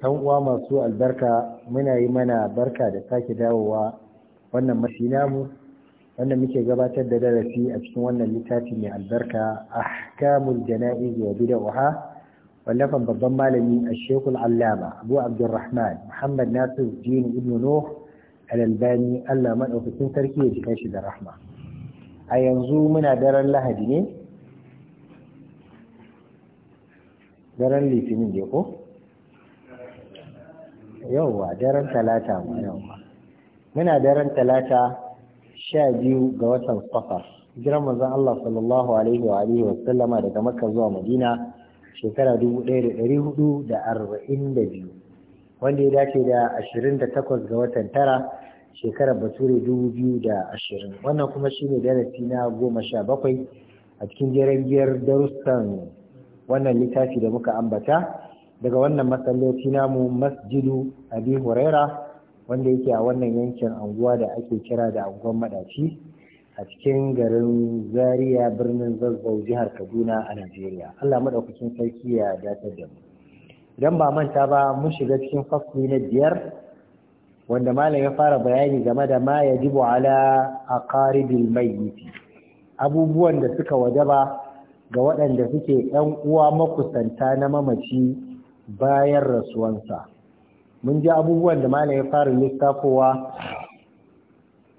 ɗan uwa masu albarka muna yi mana barka da sake dawowa wannan mashi namu wanda muke gabatar da darasi a cikin wannan littafi mai albarka ahkamul jana'iz wa oha, wallafan babban malami Ashekul Allama Abu Abdurrahman Muhammad Nasir Jini Ibn Nuh Al-Albani Allah madaukakin sarki ya jikan shi da rahma a yanzu muna daren Lahadi ne daren Litinin ne ko yauwa daren talata mu yauwa muna daren talata sha biyu ga watan safa jiran manzon Allah sallallahu alaihi wa alihi wa sallama daga Makka zuwa Madina shekara 1442 wanda ya dace da 28 ga watan tara shekarar bature 2020 wannan kuma shine darasi na bakwai a cikin jeren giyar darussan wannan littafi da muka ambata daga wannan masallaci namu masjidu abi huraira wanda yake a wannan yankin anguwa da ake kira da anguwan madaci a cikin garin zaria birnin zazzau jihar kaduna a najeriya allah maɗaukakin sarki ya datar da mu idan ba manta ba mun shiga cikin fasli na biyar wanda malam ya fara bayani game da ma ya jibo ala aqaribil mayyiti abubuwan da suka wajaba ga waɗanda suke ɗan uwa makusanta na mamaci bayan rasuwansa mun ji abubuwan da malam ya fara lissafowa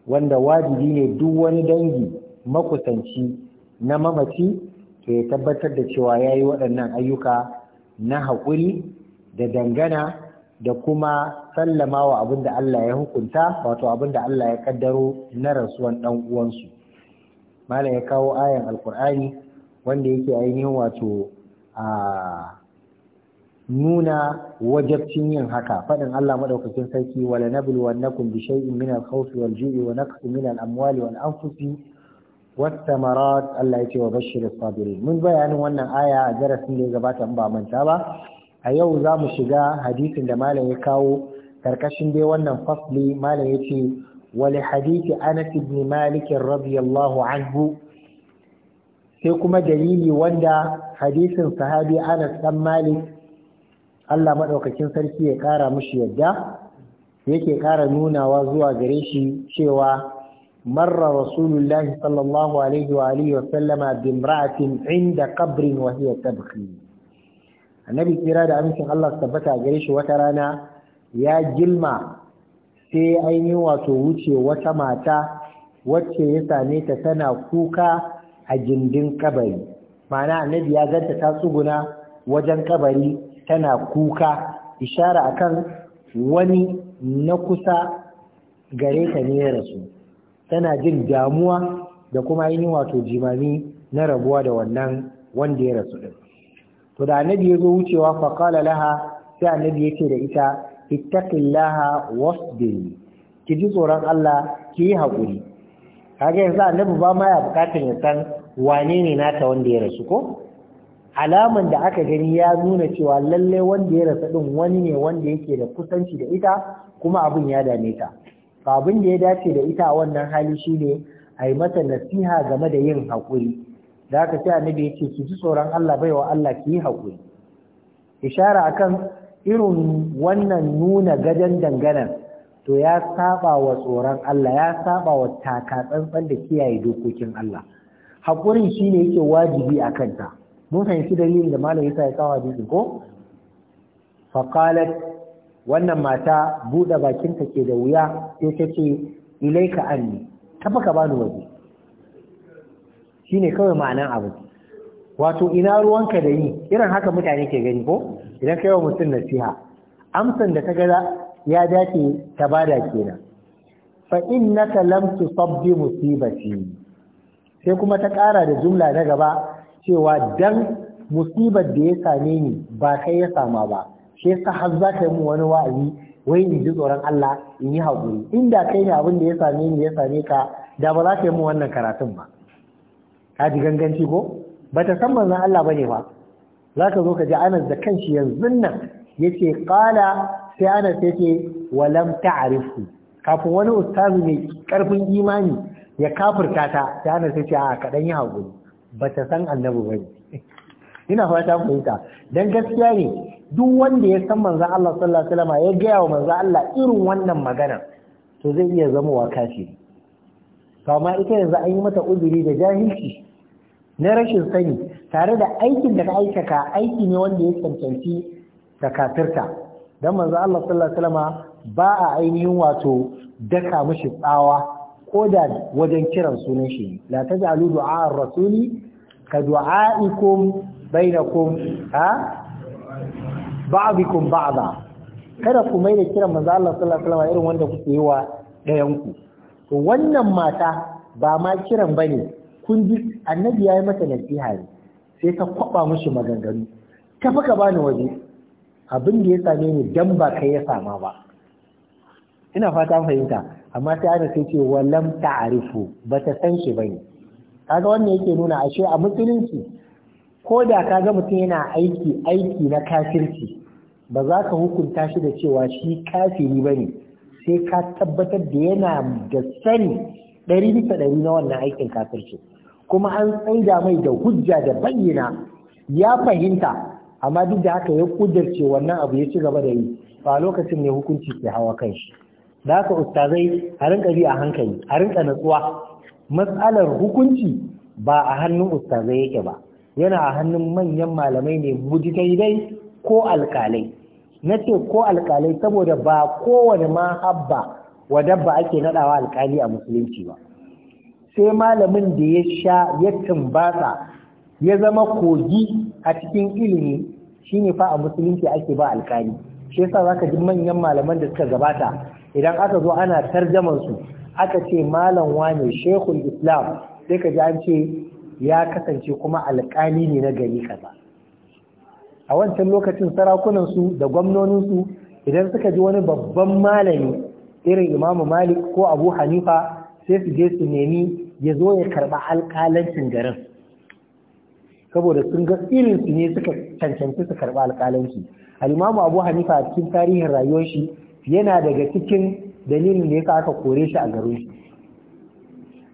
wanda wajibi ne duk wani dangi makusanci na mamaci to ya tabbatar da cewa ya yi waɗannan ayyuka na haƙuri da dangana da kuma sallama wa abin Allah ya hukunta wato abin Allah ya kaddaro na rasuwan ɗan uwansu malam ya kawo ayan alkur'ani wanda yake ainihin wato a ah, nuna wajabcin yin haka faɗin Allah madaukakin sarki wala nabluwannakum bi shay'in min al-khawfi wal-ju'i wa naqsin min al-amwali wal-anfusi was-samarat Allah ya ce wa bashir as-sabirin mun bayanin wannan aya a darasin da ya gabata in ba manta ba a yau za mu shiga hadisin da malam ya kawo karkashin dai wannan fasli malam ya ce wali hadisi Anas ibn Malik radiyallahu anhu sai kuma dalili wanda hadisin sahabi Anas dan Malik Allah maɗaukakin sarki ya ƙara mushi yadda yake ƙara nunawa zuwa gare shi cewa marra rasulullahi sallallahu alaihi wa alihi wa sallama bimra'atin inda qabrin wa hiya annabi kira da amincin Allah tabbata gare shi wata rana ya gilma sai ainihin wato wuce wata mata wacce ya same ta tana kuka a gindin kabari ma'ana annabi ya ganta ta tsuguna wajen kabari tana kuka ishara akan wani na kusa gare ta ne ya rasu tana jin damuwa da kuma yin wato jimami na rabuwa da wannan wanda ya rasu din to da annabi ya zo wucewa fa qala laha sai annabi yake da ita ittaqillaha wasbir ki ji tsoron Allah ki yi haƙuri kaga yanzu annabi ba ma ya bukatar ya san wane ne nata wanda ya rasu ko alaman da aka gani ya nuna cewa lalle wanda ya rasa din wani ne wanda yake da kusanci da ita kuma abin ya dame ta ba abin da ya dace da ita a wannan hali shine a yi mata nasiha game da yin haƙuri da aka ce annabi ya ce ki ji tsoron Allah bai wa Allah ki yi haƙuri ishara akan irin wannan nuna gadon dangana to ya saba wa tsoron Allah ya saba wa taka tsantsan da kiyaye dokokin Allah Haƙuri shine yake wajibi a kanta mun fahimci dalilin da malam yasa ya kawo hadisi ko faqalat wannan mata bude bakin ta ke da wuya sai ta ce ilaika anni ta ka bani waje shine kawai ma'anan abu wato ina ruwanka da yi irin haka mutane ke gani ko idan kai wa mutum nasiha amsan da ta ga ya dace ta bada kenan fa innaka lam tusabbi musibati sai kuma ta ƙara da jumla na gaba cewa dan musibar da ya same ni ba kai ya sama ba shi yasa har za ka yi mu wani wa'azi wai in ji tsoron Allah in yi haƙuri inda kai ne abin da ya same ni ya same ka da ba za ka yi mu wannan karatun ba ka ji ganganci ko ba ta san manzon Allah bane ba za ka zo ka ji Anas da kanshi yanzu nan yace qala sai Anas yace walam ta'rifu kafin wani ustazi mai karfin imani ya kafirta ta sai Anas yace a kaɗan yi hakuri. ba ta san annabi ba ne. ina fata ku yi ta. dan gaskiya ne duk wanda ya san manzan Allah sallallahu alaihi wasallam ya gaya wa manzan Allah irin wannan magana to zai iya zama wa kafiri to amma ita yanzu an yi mata uzuri da jahilci na rashin sani tare da aikin da ka aikata aiki ne wanda ya cancanci da kafirta dan manzan Allah sallallahu alaihi wasallam ba a ainihin wato daka mishi tsawa ko da wajen kiran sunan shi la taj'alu du'a ar-rasuli ka du'a'ikum bainakum ha ba'dikum ba'da kada ku mai da kiran manzo Allah sallallahu alaihi wasallam irin wanda kuke yi wa dayan ku to wannan mata ba ma kiran bane kun ji annabi yayi mata nasiha ne sai ka kwaba mushi maganganu ka faka bani waje abin da ya same ni dan ba kai ya sama ba ina fata fahimta amma ta da sai ce walam ta'arifu ba ta san shi ba bane kaga wannan yake nuna ashe a musulunci ko da ka ga mutum yana aiki aiki na kafirci ba za ka hukunta shi da cewa shi kafiri ne, sai ka tabbatar da yana da sani ɗari bisa ɗari na wannan aikin kafirci kuma an tsaida mai da hujja da bayyana ya fahimta amma duk da haka ya kudarce wannan abu ya ci gaba da yi ba lokacin ne hukunci ke hawa kan shi da haka ustazai a rinka bi a hankali a rinka natsuwa matsalar hukunci ba a hannun ustazai yake ba yana a hannun manyan malamai ne mujtahidai ko alkalai na ce ko alkalai saboda ba kowane ma habba wa dabba ake nadawa alkali a musulunci ba sai malamin da ya sha ya tumbatsa ya zama kogi a cikin ilimi shine fa a musulunci ake ba alkali shi yasa zaka ji manyan malaman da suka gabata idan aka zo ana tarjaman su aka ce malam wane shekul islam sai ka ji an ce ya kasance kuma alƙali ne na gari kaza a wancan lokacin sarakunan su da gwamnonin idan suka ji wani babban malami irin imamu malik ko abu hanifa sai su je su nemi ya zo ya karɓa alƙalancin garin saboda sun ga irin su ne suka cancanci su karɓa alƙalanci al'imamu abu hanifa a cikin tarihin rayuwar shi yana daga cikin dalilin da yasa aka kore shi a garin shi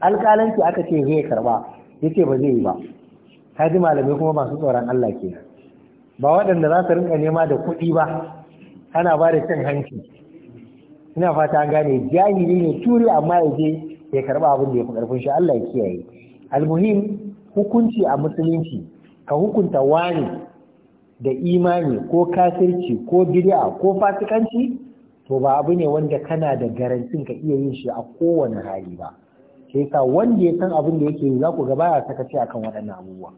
alƙalanci aka ce zai karba yace ba zai yi ba kaji malamai kuma masu tsoron Allah ke. ba waɗanda za su rinka nema da kuɗi ba ana ba da cin hanci ina fata an gane jahili ne turi amma ya ya karba abin da ya fi ƙarfin shi Allah ya kiyaye almuhim hukunci a musulunci ka hukunta wani da imani ko kafirci ko bid'a ko fasikanci to ba abu ne wanda kana da garantin ka iya yin shi a kowane hali ba sai ka wanda ya san abin da yake yi za ku ga baya sakaci akan waɗannan abubuwa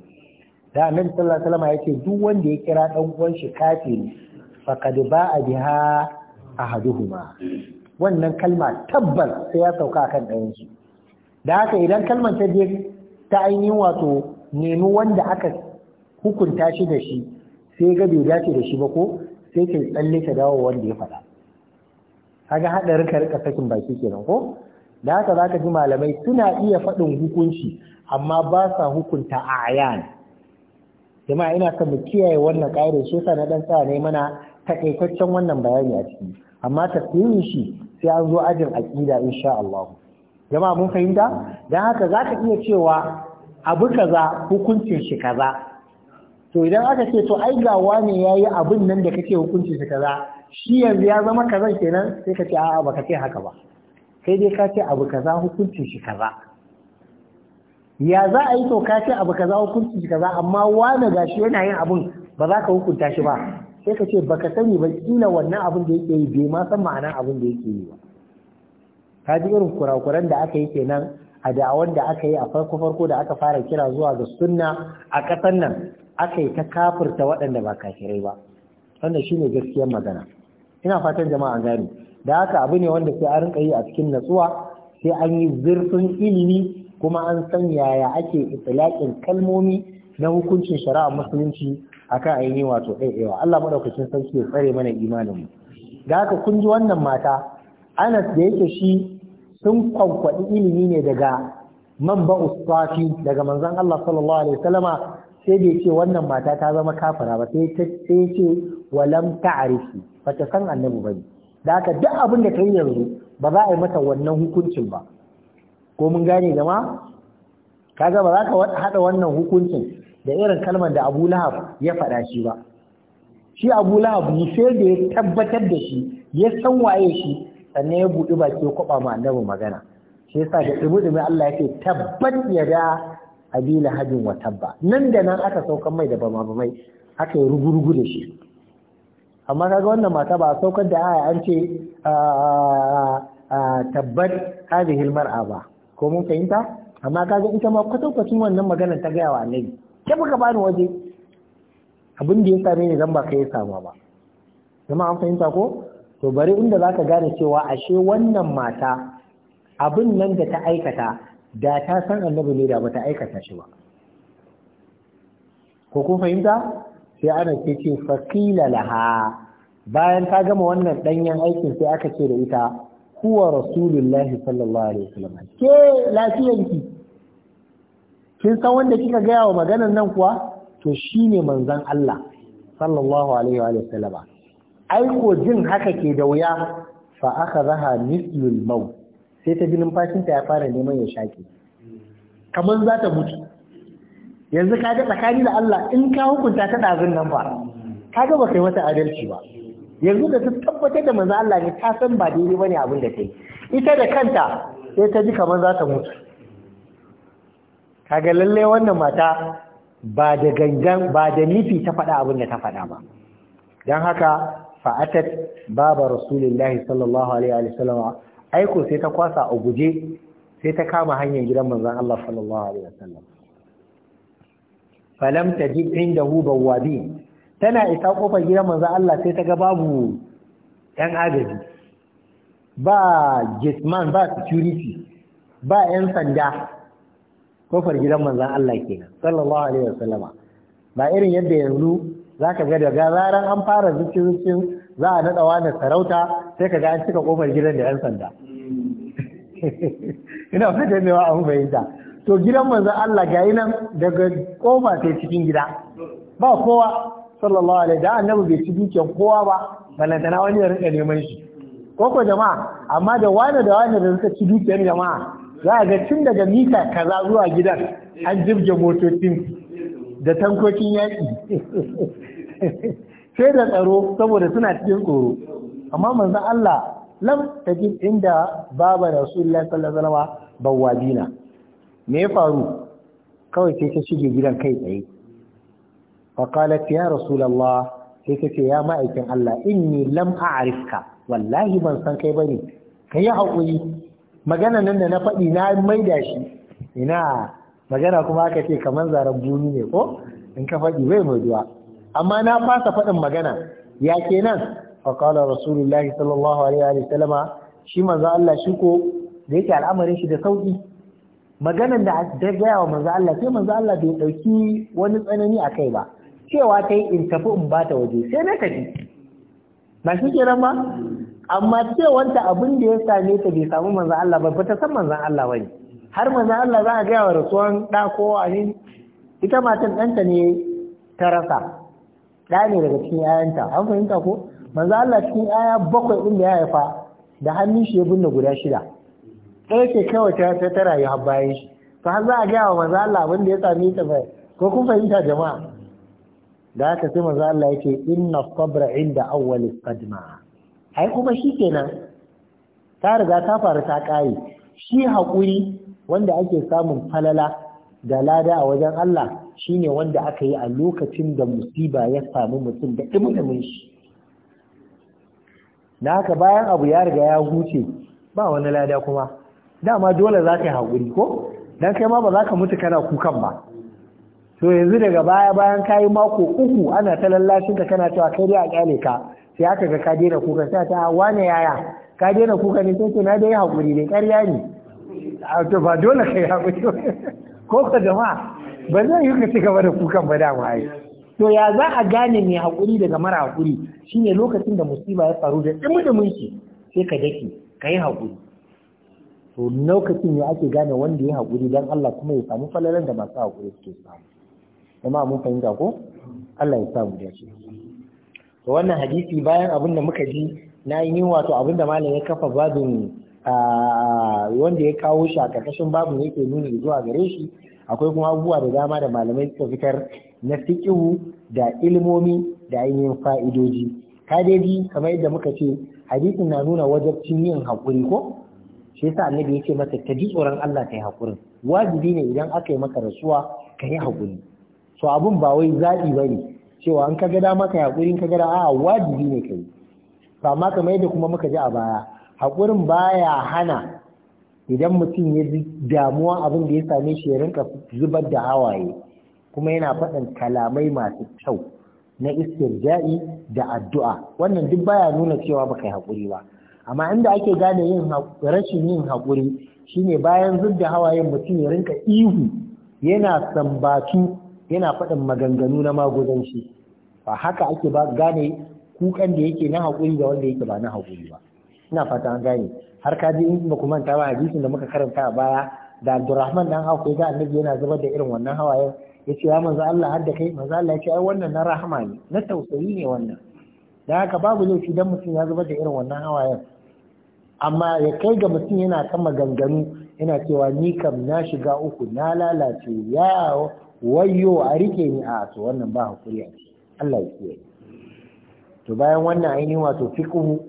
da nan sallallahu alaihi wasallam ce, duk wanda ya kira dan uwan shi kafiri faqad ba'a biha ahaduhuma wannan kalma tabbas sai ya sauka akan ɗayan shi da haka idan kalmar ta je ta ainihin wato nemi wanda aka hukunta shi da shi sai ga bai dace da shi ba ko sai ta tsalle ta dawo wanda ya faɗa kaga hadarin ka rika sakin baki kenan ko da haka zaka ji malamai suna iya faɗin hukunci amma ba sa hukunta a ayan jama'a ina son mu kiyaye wannan ƙa'idar shi yasa na dan tsaya ne mana takaitaccen wannan bayani a ciki amma tafsirin shi sai an zo ajin aqida insha Allah jama'a mun fahimta dan haka zaka iya cewa abu kaza hukuncin shi kaza to idan aka ce to ai ga wane yayi abun nan da kake hukuncin shi kaza shi yanzu ya zama kaza kenan sai ka ce a'a baka ce haka ba Sai dai ka ce abu kaza hukuncin shi kaza ya za a yi to ka ce abu kaza hukuncin shi kaza amma ga gashi yana yin abun ba za ka hukunta shi ba sai ka ce baka sani ba kila wannan abin da yake yi bai ma san ma'anar abin da yake yi ba ka ji irin kurakuran da aka yi kenan a da'awar da aka yi a farko farko da aka fara kira zuwa ga sunna a ƙasar nan aka yi ta kafirta waɗanda ba kafirai ba wannan shine gaskiyar magana ina fatan jama'a gani da haka abu ne wanda sai an rinka yi a cikin natsuwa sai an yi zurfin ilimi kuma an san yaya ake itilaƙin kalmomi na hukuncin shari'a musulunci akan ainihin wato ɗaiɗaiwa Allah madaukakin sarki ya tsare mana imanin mu da haka kun ji wannan mata Anas da yake shi sun kwankwaɗi ilimi ne daga man ba usfafi daga manzon Allah sallallahu alaihi wasallama sai da ce wannan mata ta zama kafara ba sai ta ce Walam lam ta'rifi ba ta san annabi bane da haka duk abin da kai yanzu ba za a yi mata wannan hukuncin ba ko mun gane jama'a kaga ba za ka hada wannan hukuncin da irin kalmar da Abu Lahab ya faɗa shi ba shi Abu Lahab ni sai da ya tabbatar da shi ya san waye shi sannan ya buɗi baki ya kwaba ma annabi magana shi yasa da dumi Allah yake tabbat ya da abila hajin wa tabba nan da nan aka saukan mai da bama bamai aka yi rugurugu da shi amma kaga wannan mata ba a saukar da aya an ce tabbat hadhihi almar'a ba ko mun fahimta amma kaga ita ma kwatankwacin wannan magana ta gaya wa annabi ke ba ni waje abin da ya same ni zan ba kai ya samu ba zama an fahimta ko to bari inda zaka gane cewa ashe wannan mata abin nan da ta aikata da ta san annabi ne da bata aikata shi ba ko kun fahimta sai ana ce ce fasila laha bayan ta gama wannan danyen aikin sai aka ce da ita huwa rasulullahi sallallahu alaihi wasallam ke lafiyanki kin san wanda kika gaya wa maganar nan kuwa to shine manzon Allah sallallahu alaihi wa sallam aiko jin haka ke da wuya fa akhadha mislul maut sai ta bi numfashinta ya fara neman ya shaki kamar za ta mutu yanzu ka ga tsakani da Allah in ka hukunta ta ɗazun nan ba ka ga ba kai wata adalci ba yanzu da ta tabbatar da manzo Allah ne ta san ba daidai bane abin da kai ita da kanta sai ta ji kamar za ta mutu kaga lalle wannan mata ba da gangan ba da nufi ta faɗa abin da ta faɗa ba dan haka fa'atat baba rasulullahi sallallahu alaihi wa sallam aiko sai ta kwasa a guje sai ta kama hanyar gidan manzon Allah sallallahu alaihi wa sallam falam tajid indahu bawabi tana isa ƙofar gidan manzo Allah sai ta ga babu ɗan agaji ba jisman ba security ba ƴan sanda ƙofar gidan manzo Allah kenan sallallahu alaihi wasallama ba irin yadda yanzu zaka ga daga zaran an fara zuci-zuci za a nada wani sarauta sai ka ga an cika kofar gidan da ƴan sanda ina fata ne wa an fahimta to gidan manzan Allah ga yi nan daga koma ta cikin gida ba kowa sallallahu alaihi da annabi bai ci dukiyar kowa ba balantana wani ya rinka neman shi koko jama'a amma da wani da wani da suka ci dukiyar jama'a za a ga tun daga mita kaza zuwa gidan an jibge motocin da tankokin yaƙi sai da tsaro saboda suna cikin tsoro amma manzan Allah lam tajib inda baba rasulullahi sallallahu alaihi wasallam bawabina me ya faru kawai sai ta shige gidan kai tsaye faqalat ya rasulullah sai ta ce ya ma'aikin Allah inni lam a'rifka wallahi ban san kai bane kai ya hakuri magana nan da na faɗi na maida shi ina magana kuma aka ce kamar zaren buni ne ko in ka faɗi bai mai duwa amma na fasa faɗin magana ya kenan faqala rasulullah sallallahu alaihi wa sallama shi manzo Allah shi ko da yake al'amarin shi da sauki maganan da ta gaya wa manzo Allah sai manzo Allah bai dauki wani tsanani a kai ba cewa ta in tafi in bata waje sai na tafi ba shi kenan ba amma cewanta abin da ya same ta bai samu manzo Allah ba ta san manzo Allah bane har manzo Allah za a gaya wa rasuwan da ko ani ita matan ɗanta ne ta rasa da ne daga cikin ayanta an fahimta ko manzo Allah cikin aya bakwai din da ya haifa da hannun shi ya binne guda shida ɗaya ce kawai ta ta rayu har bayan shi to har za a gaya wa maza Allah abin ya sami ta bai ko kun fahimta jama'a da haka sai maza Allah yake inna sabra inda awwalis qadma ai kuma shi shikenan ta riga ta faru ta kare shi hakuri wanda ake samun falala da lada a wajen Allah shine wanda aka yi a lokacin da musiba ya samu mutum da ɗumuɗumin shi na haka bayan abu ya riga ya huce ba wani lada kuma dama dole za ka yi haƙuri ko don kai ma ba za ka mutu kana kukan ba to yanzu daga baya bayan kayi mako uku ana ta lallashin ka kana cewa kai dai a kyale ka sai aka ga ka daina kuka sai ta wane yaya ka daina kuka ne sai na dai haƙuri ne ƙarya ne to ba dole kai haƙuri ko ka jama'a ba zai yi ka ci gaba da kukan ba dama ai to ya za a gane mai haƙuri daga mara haƙuri shine lokacin da musiba ya faru da dumudumin shi sai ka dake ka yi haƙuri to lokacin ne ake gane wanda ya haƙuri don Allah kuma ya samu falalan da masu haƙuri suke samu jama'a mun fahimta ko Allah ya samu shi to wannan hadisi bayan abin da muka ji na yi wato abin da malam ya kafa babin wanda ya kawo shi a ƙarƙashin babin yake nuni zuwa gare shi akwai kuma abubuwa da dama da malamai suka fitar na fiƙihu da ilmomi da ainihin fa'idoji kadeji kamar yadda muka ce hadisin na nuna wajabcin yin haƙuri ko shi yasa annabi ya mata ta ji tsoron Allah ta yi hakuri. wajibi ne idan aka yi maka rasuwa ka yi hakuri. so abun ba wai zaɓi bane ne cewa an ka ga dama ka yi haƙurin ka ga a'a wajibi ne ka yi ba ma kamar yadda kuma muka ji a baya hakurin baya hana idan mutum ya ji damuwa abin da ya same shi ya rinka zubar da hawaye kuma yana faɗin kalamai masu kyau na istirja'i da addu'a wannan duk baya nuna cewa baka yi hakuri ba amma inda ake gane yin rashin yin haƙuri shine bayan zubda hawayen mutum ya rinka ihu yana sambatu yana faɗin maganganu na magudanci ba haka ake ba gane kukan da yake na haƙuri da wanda yake ba na haƙuri ba ina fata an gane har ka ji in kuma manta ba hadisin da muka karanta a baya da Abdurrahman dan Auf ga annabi yana zubar da irin wannan hawayen yace ya manzo Allah har da kai manzo Allah yace ai wannan na rahama ne na tausayi ne wannan da haka babu laifi dan mutum ya zubar da irin wannan hawayen amma ya kai ga mutum yana ta maganganu yana cewa ni kam na shiga uku na lalace ya wayo a rike ni a to wannan ba hakuri a Allah ya kiyaye to bayan wannan ainihin wato fiqhu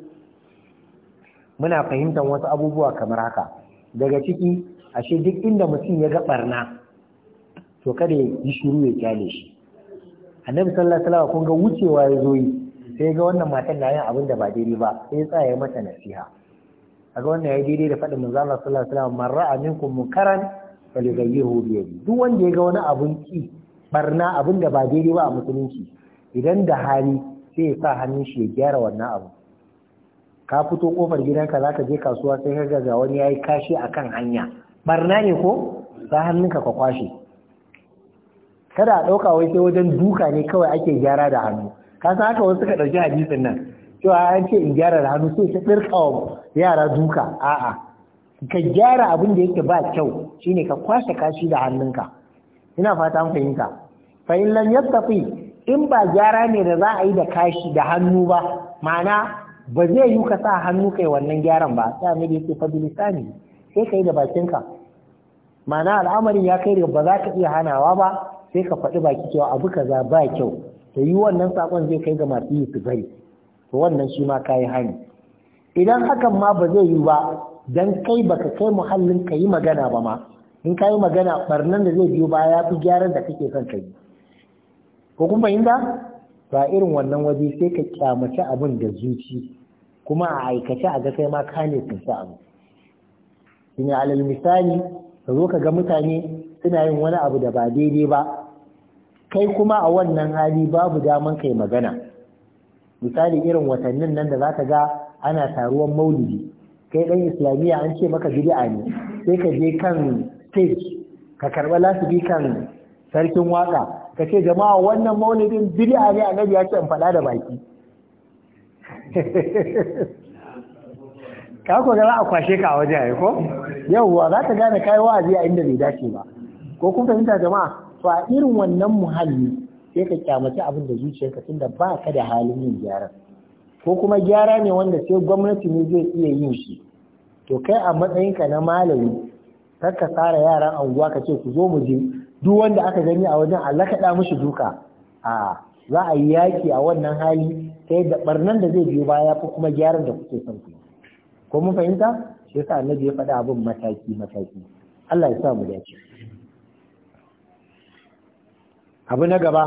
muna fahimtar wasu abubuwa kamar haka daga ciki ashe duk inda mutum ya ga barna to kada ya yi shiru ya kyale shi annabi sallallahu alaihi wasallam kun ga wucewa ya zo yi sai ga wannan matan na yin abin da ba daidai ba sai ya tsaya mata nasiha kaga wannan yayi daidai da faɗin manzo Allah sallallahu alaihi wasallam man ra'a minkum munkaran falyughayyirhu bi duk wanda ya ga wani abun ki barna abin da ba daidai ba a musulunci idan da hali sai ya sa hannun shi ya gyara wannan abu ka fito kofar gidanka zaka je kasuwa sai ka ga wani yayi kashi akan hanya barna ne ko sa hannunka ka kwashe kada a ɗauka wai sai wajen duka ne kawai ake gyara da hannu ka san haka wasu ka ɗauki hadisin nan cewa an ce in gyara da hannu sai ta ɗirka wa yara duka a'a ka gyara abin da yake ba kyau shine ka kwashe kashi da hannunka ina fata an fahimta fa in lam yattafi in ba gyara ne da za a yi da kashi da hannu ba ma'ana ba zai yi ka sa hannu kai wannan gyaran ba sai annabi yake fa bilisani sai kai da bakinka ma'ana al'amarin ya kai da ba za ka iya hanawa ba sai ka faɗi baki cewa abu kaza ba kyau to yi wannan sakon zai kai ga masu yi su bari to wannan shi ma kayi hani idan hakan ma ba zai yi ba dan kai baka kai muhallin ka yi magana ba ma in kayi magana barnan da zai biyo ba ya fi gyaran da kake son kai ko in da? ba irin wannan waje sai ka kyamaci abin da zuci kuma a aikace a ga sai ma ka ne sun sa abu shine alal misali ka zo ka ga mutane suna yin wani abu da ba daidai ba kai kuma a wannan hali babu daman kai magana misali irin watannin nan da za ka ga ana taruwan maulidi kai ɗan islamiyya an ce maka bid'a ne sai ka je kan stage ka karba lasibi kan sarkin waka ka ce jama'a wannan maulidin bid'a ne annabi ya ce in fada da baki ka ko za a kwashe ka a waje ai ko yawwa za ka gane kai wa'azi a inda bai dace ba ko kuma fahimta jama'a to a irin wannan muhalli sai ka kyamaci abin da zuciyarka tunda ba ka da halin yin gyara ko kuma gyara ne wanda sai gwamnati ne zai iya yin shi to kai a matsayinka na malami kar ka tsara yaran anguwa ka ce ku zo mu je duk wanda aka gani a wajen Allah da mushi duka a za a yi yaki a wannan hali ta yadda barnan da zai biyo baya ko kuma gyaran da kuke son ku ko mun fahimta shi yasa annabi ya faɗa abin mataki mataki Allah ya sa mu dace abu na gaba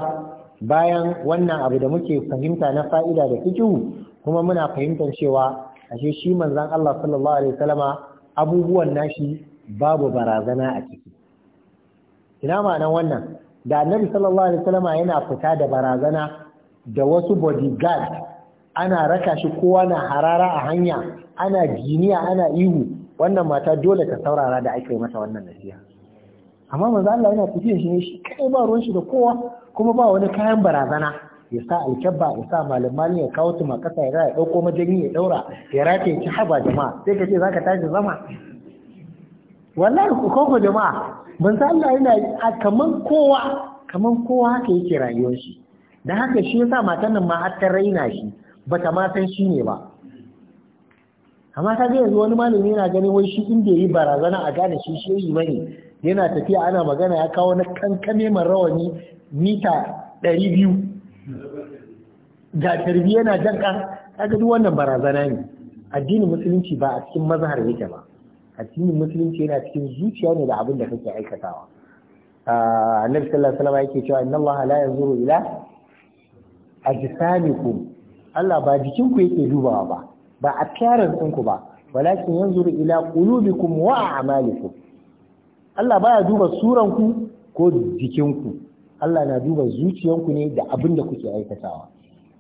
bayan wannan abu da muke fahimta na fa'ida da fikihu kuma muna fahimtar cewa ashe shi manzan Allah sallallahu alaihi wasallama abubuwan nashi babu barazana a ciki ina ma'anar wannan da annabi sallallahu alaihi wasallama yana fita da barazana da wasu bodyguard ana raka shi kowa na harara a hanya ana jiniya ana ihu wannan mata dole ta saurara da ake mata wannan nasiha amma manzo Allah yana tafiya shi ne shi kai ba ruwan shi da kowa kuma ba wani kayan barazana ya sa alkyabba ya sa malamalin ya kawo tuma kasa ya ya dauko majanyi ya daura ya ya ci haba jama'a sai ka ce zaka tashi zama wallahi ku koko jama'a manzo Allah yana kaman kowa kaman kowa haka yake rayuwar shi dan haka shi yasa matan nan ma har ta raina shi bata ma san shi ne ba amma ta ga yanzu wani malami yana ganin wai shi inda yi barazana a gane shi shi yi bane yana tafiya ana magana ya kawo na kankame mai rawani mita 200 ga tarbi yana jan kan kaga duk wannan barazana ne addinin musulunci ba a cikin mazhar yake ba addinin musulunci yana cikin zuciya ne da abin da kake aikatawa ah, annabi sallallahu alaihi wasallam yake cewa inna Allah la yanzuru ila ajsamikum Allah ba jikinku yake dubawa ba ba a appearance ɗinku ba walakin yanzuru ila qulubikum wa a'malikum Allah baya duba suranku ko jikinku Allah na duba zuciyanku ne da abin da kuke aikatawa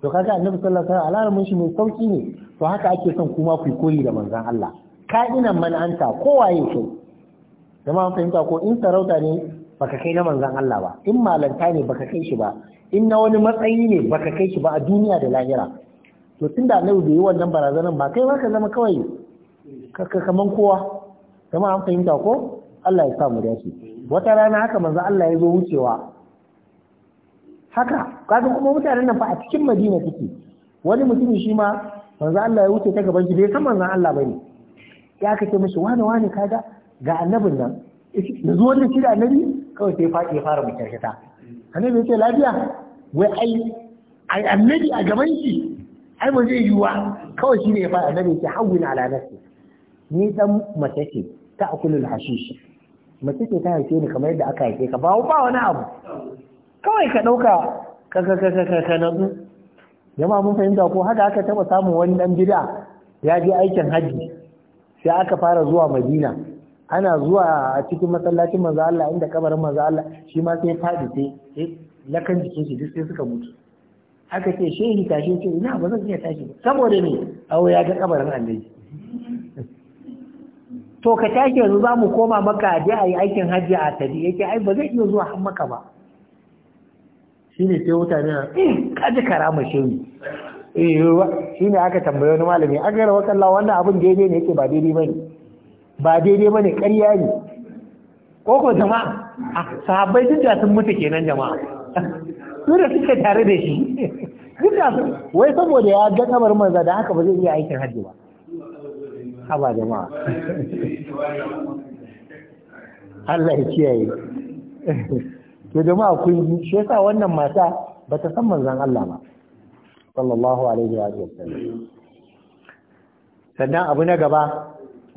to kaga annabi sallallahu alaihi wasallam alamun shi mai sauki ne to haka ake son kuma ku koyi da manzon Allah Ka ka'inan man anta kowaye kai jama'a fahimta ko in sarauta ne baka kai na manzan Allah ba in malanta ne baka kai shi ba in na wani matsayi ne baka kai shi ba a duniya da lahira to tunda annabi bai yi wannan barazanan ba kai ba ka zama kawai Ka kaman kowa kuma an fahimta ko Allah ya sa mu dace wata rana haka manzo Allah ya zo wucewa haka kaga kuma mutanen nan fa a cikin Madina take wani mutumin shi ma manzo Allah ya wuce ta gaban shi bai san manzo Allah bane ya kace mishi wani wani kaga ga annabin nan da zuwan da shi annabi kawai sai faɗi ya fara mutarkata annabi ya ce lafiya wai ai ai annabi a gaban shi ai ba zai yiwa kawai shi ne ya fara annabi ya ce hawwin ala nafsi ni dan mace ce ta'kulul hashish mace ce ta haife ni kamar yadda aka haife ka ba ba wani abu kawai ka dauka ka ka ka ka ka jama'a mun fahimta ko haka aka taba samun wani dan bid'a ya je aikin haji sai aka fara zuwa Madina ana zuwa a cikin masallacin manzo Allah inda kabarin manzo Allah shi ma sai fadi sai lakan jikin shi duk sai suka mutu aka ce shehi tashi ce ina ba zan iya tashi ba saboda ne awo ya ga kabarin annabi to ka tashi yanzu za mu koma maka je a yi aikin hajji a tabi yake ai ba zai iya zuwa har maka ba shi ne sai mutane na eh, kaji kara ma eh, shi ne aka tambaye wani malami an gara lawa wannan abin daidai ne yake ba daidai ba ne ba daidai ba ne karya ne ko ko jama'a ah, sahabbai duk da sun mutu kenan jama'a su da suke tare da shi duk da wai saboda ya ga kamar manza da haka ba zai iya aikin hajji ba haba jama'a Allah ya kiyaye to jama'a kun yi shi yasa wannan mata ba ta san manzon Allah ba sallallahu alaihi wa sallam sannan abu na gaba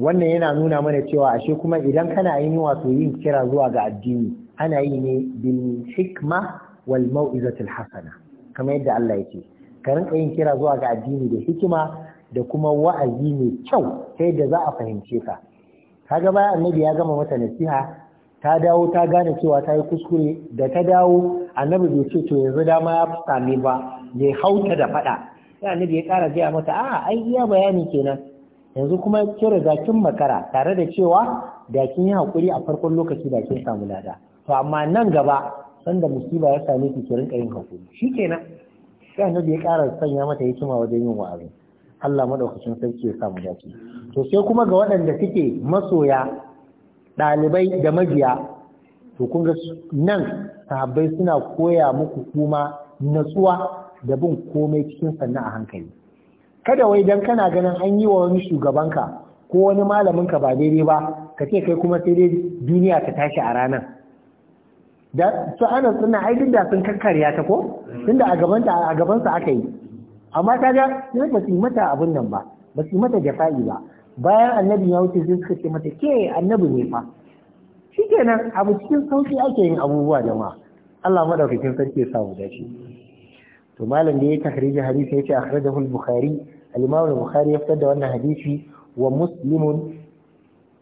wannan yana nuna mana cewa ashe kuma idan kana yin wato yin kira zuwa ga addini ana yi ne bil hikma wal mau'izatil hasana kamar yadda Allah yake ka rinka yin kira zuwa ga addini da hikima da kuma wa'azi mai kyau ta yadda za a fahimce ka kaga bayan annabi ya gama mata nasiha ta dawo ta gane cewa ta yi kuskure da ta dawo annabi bai ce to yanzu dama ya same ba ya hauta da faɗa sai annabi ya ƙara gaya mata a ai iya bayani kenan yanzu kuma kira riga makara tare da cewa da kin yi hakuri a farkon lokaci da kin samu lada to amma nan gaba sanda musiba ya same ki ki rinka yin hakuri shikenan sai annabi ya ƙara sanya mata hikima wajen yin wa'azi Allah maɗaukacin sarki ya samu dace to sai kuma ga waɗanda suke masoya ɗalibai da mabiya to kun ga nan sahabbai suna koya muku kuma natsuwa da bin komai cikin sannan a hankali kada wai dan kana ganin an yi wa wani shugabanka ko wani malaminka ba daidai ba ka ce kai kuma sai dai duniya ta tashi a ranar da su ana suna ai sun kakkarya ta ko tunda a gaban a gaban aka yi amma ga sai ba su mata abin nan ba ba su yi mata jafa'i ba bayan annabi ya wuce sai suka ce mata ke annabi ne fa shikenan abu cikin sauki ake yin abubuwa jama'a Allah madaukakin sarki ya samu dace to malam da ya tahrija hadisi yace akhrajahu al-bukhari al-imam al-bukhari ya fitar da wannan hadisi wa muslimun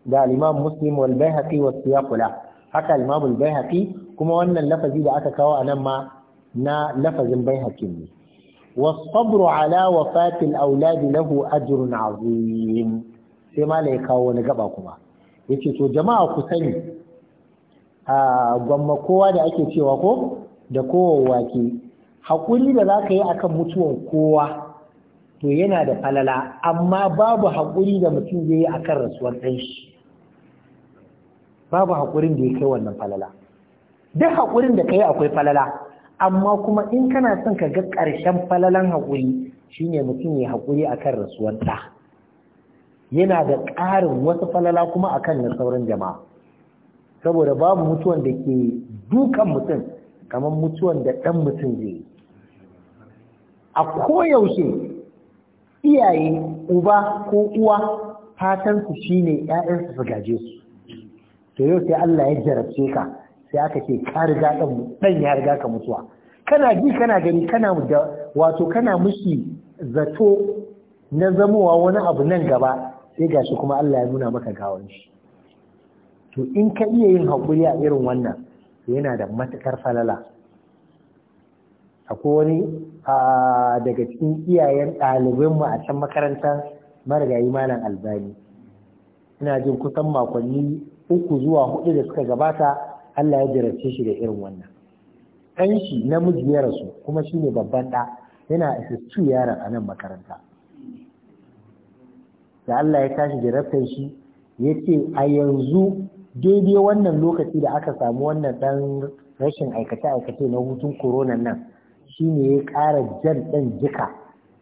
da al-imam muslim wal bayhaqi wa siyaqula haka al-imam al-bayhaqi kuma wannan lafazi da aka kawo a nan ma na lafazin bayhaqi ne والصبر على وفاة الأولاد له أجر عظيم سيما ليكا ونقبكما yace to jama'a ku sani gwamma kowa da ake cewa ko da kowa wake hakuri da za ka yi akan mutuwan kowa to yana da falala amma babu hakuri da mutum zai yi akan rasuwar ɗan shi babu hakurin da ya kai wannan falala duk haƙurin da ka yi akwai falala amma kuma in kana son ka ga ƙarshen falalan haƙuri shine mutum ya haƙuri akan rasuwar ɗa yana da ƙarin wasu falala kuma akan na sauran jama'a saboda babu mutuwan da ke dukan mutum kamar mutuwan da ɗan mutum zai yi a koyaushe iyaye uba ko uwa fatansu shine 'ya'yansu su gaje su to yau sai Allah ya jarabce ka sai aka ce ka riga ɗan ɗan ya riga ka mutuwa kana ji kana gani kana da wato kana mushi zato na zamowa wani abu nan gaba sai gashi kuma Allah ya nuna maka gawan shi to in ka iya yin hakuri a irin wannan yana da matukar falala akwai wani daga cikin iyayen ɗalibanmu a can makarantar marigayi malam albani ina jin kusan makonni uku zuwa hudu da suka gabata Allah ya jarabce shi da irin wannan ɗan shi namiji ya rasu kuma shi ne babban ɗa yana isa 2 yaron a nan makaranta da Allah ya tashi jarabtar shi ya ce a yanzu daidai wannan lokaci da aka samu wannan ɗan rashin aikace-aikace na hutun korona nan shi ne ya ƙara jan ɗan jika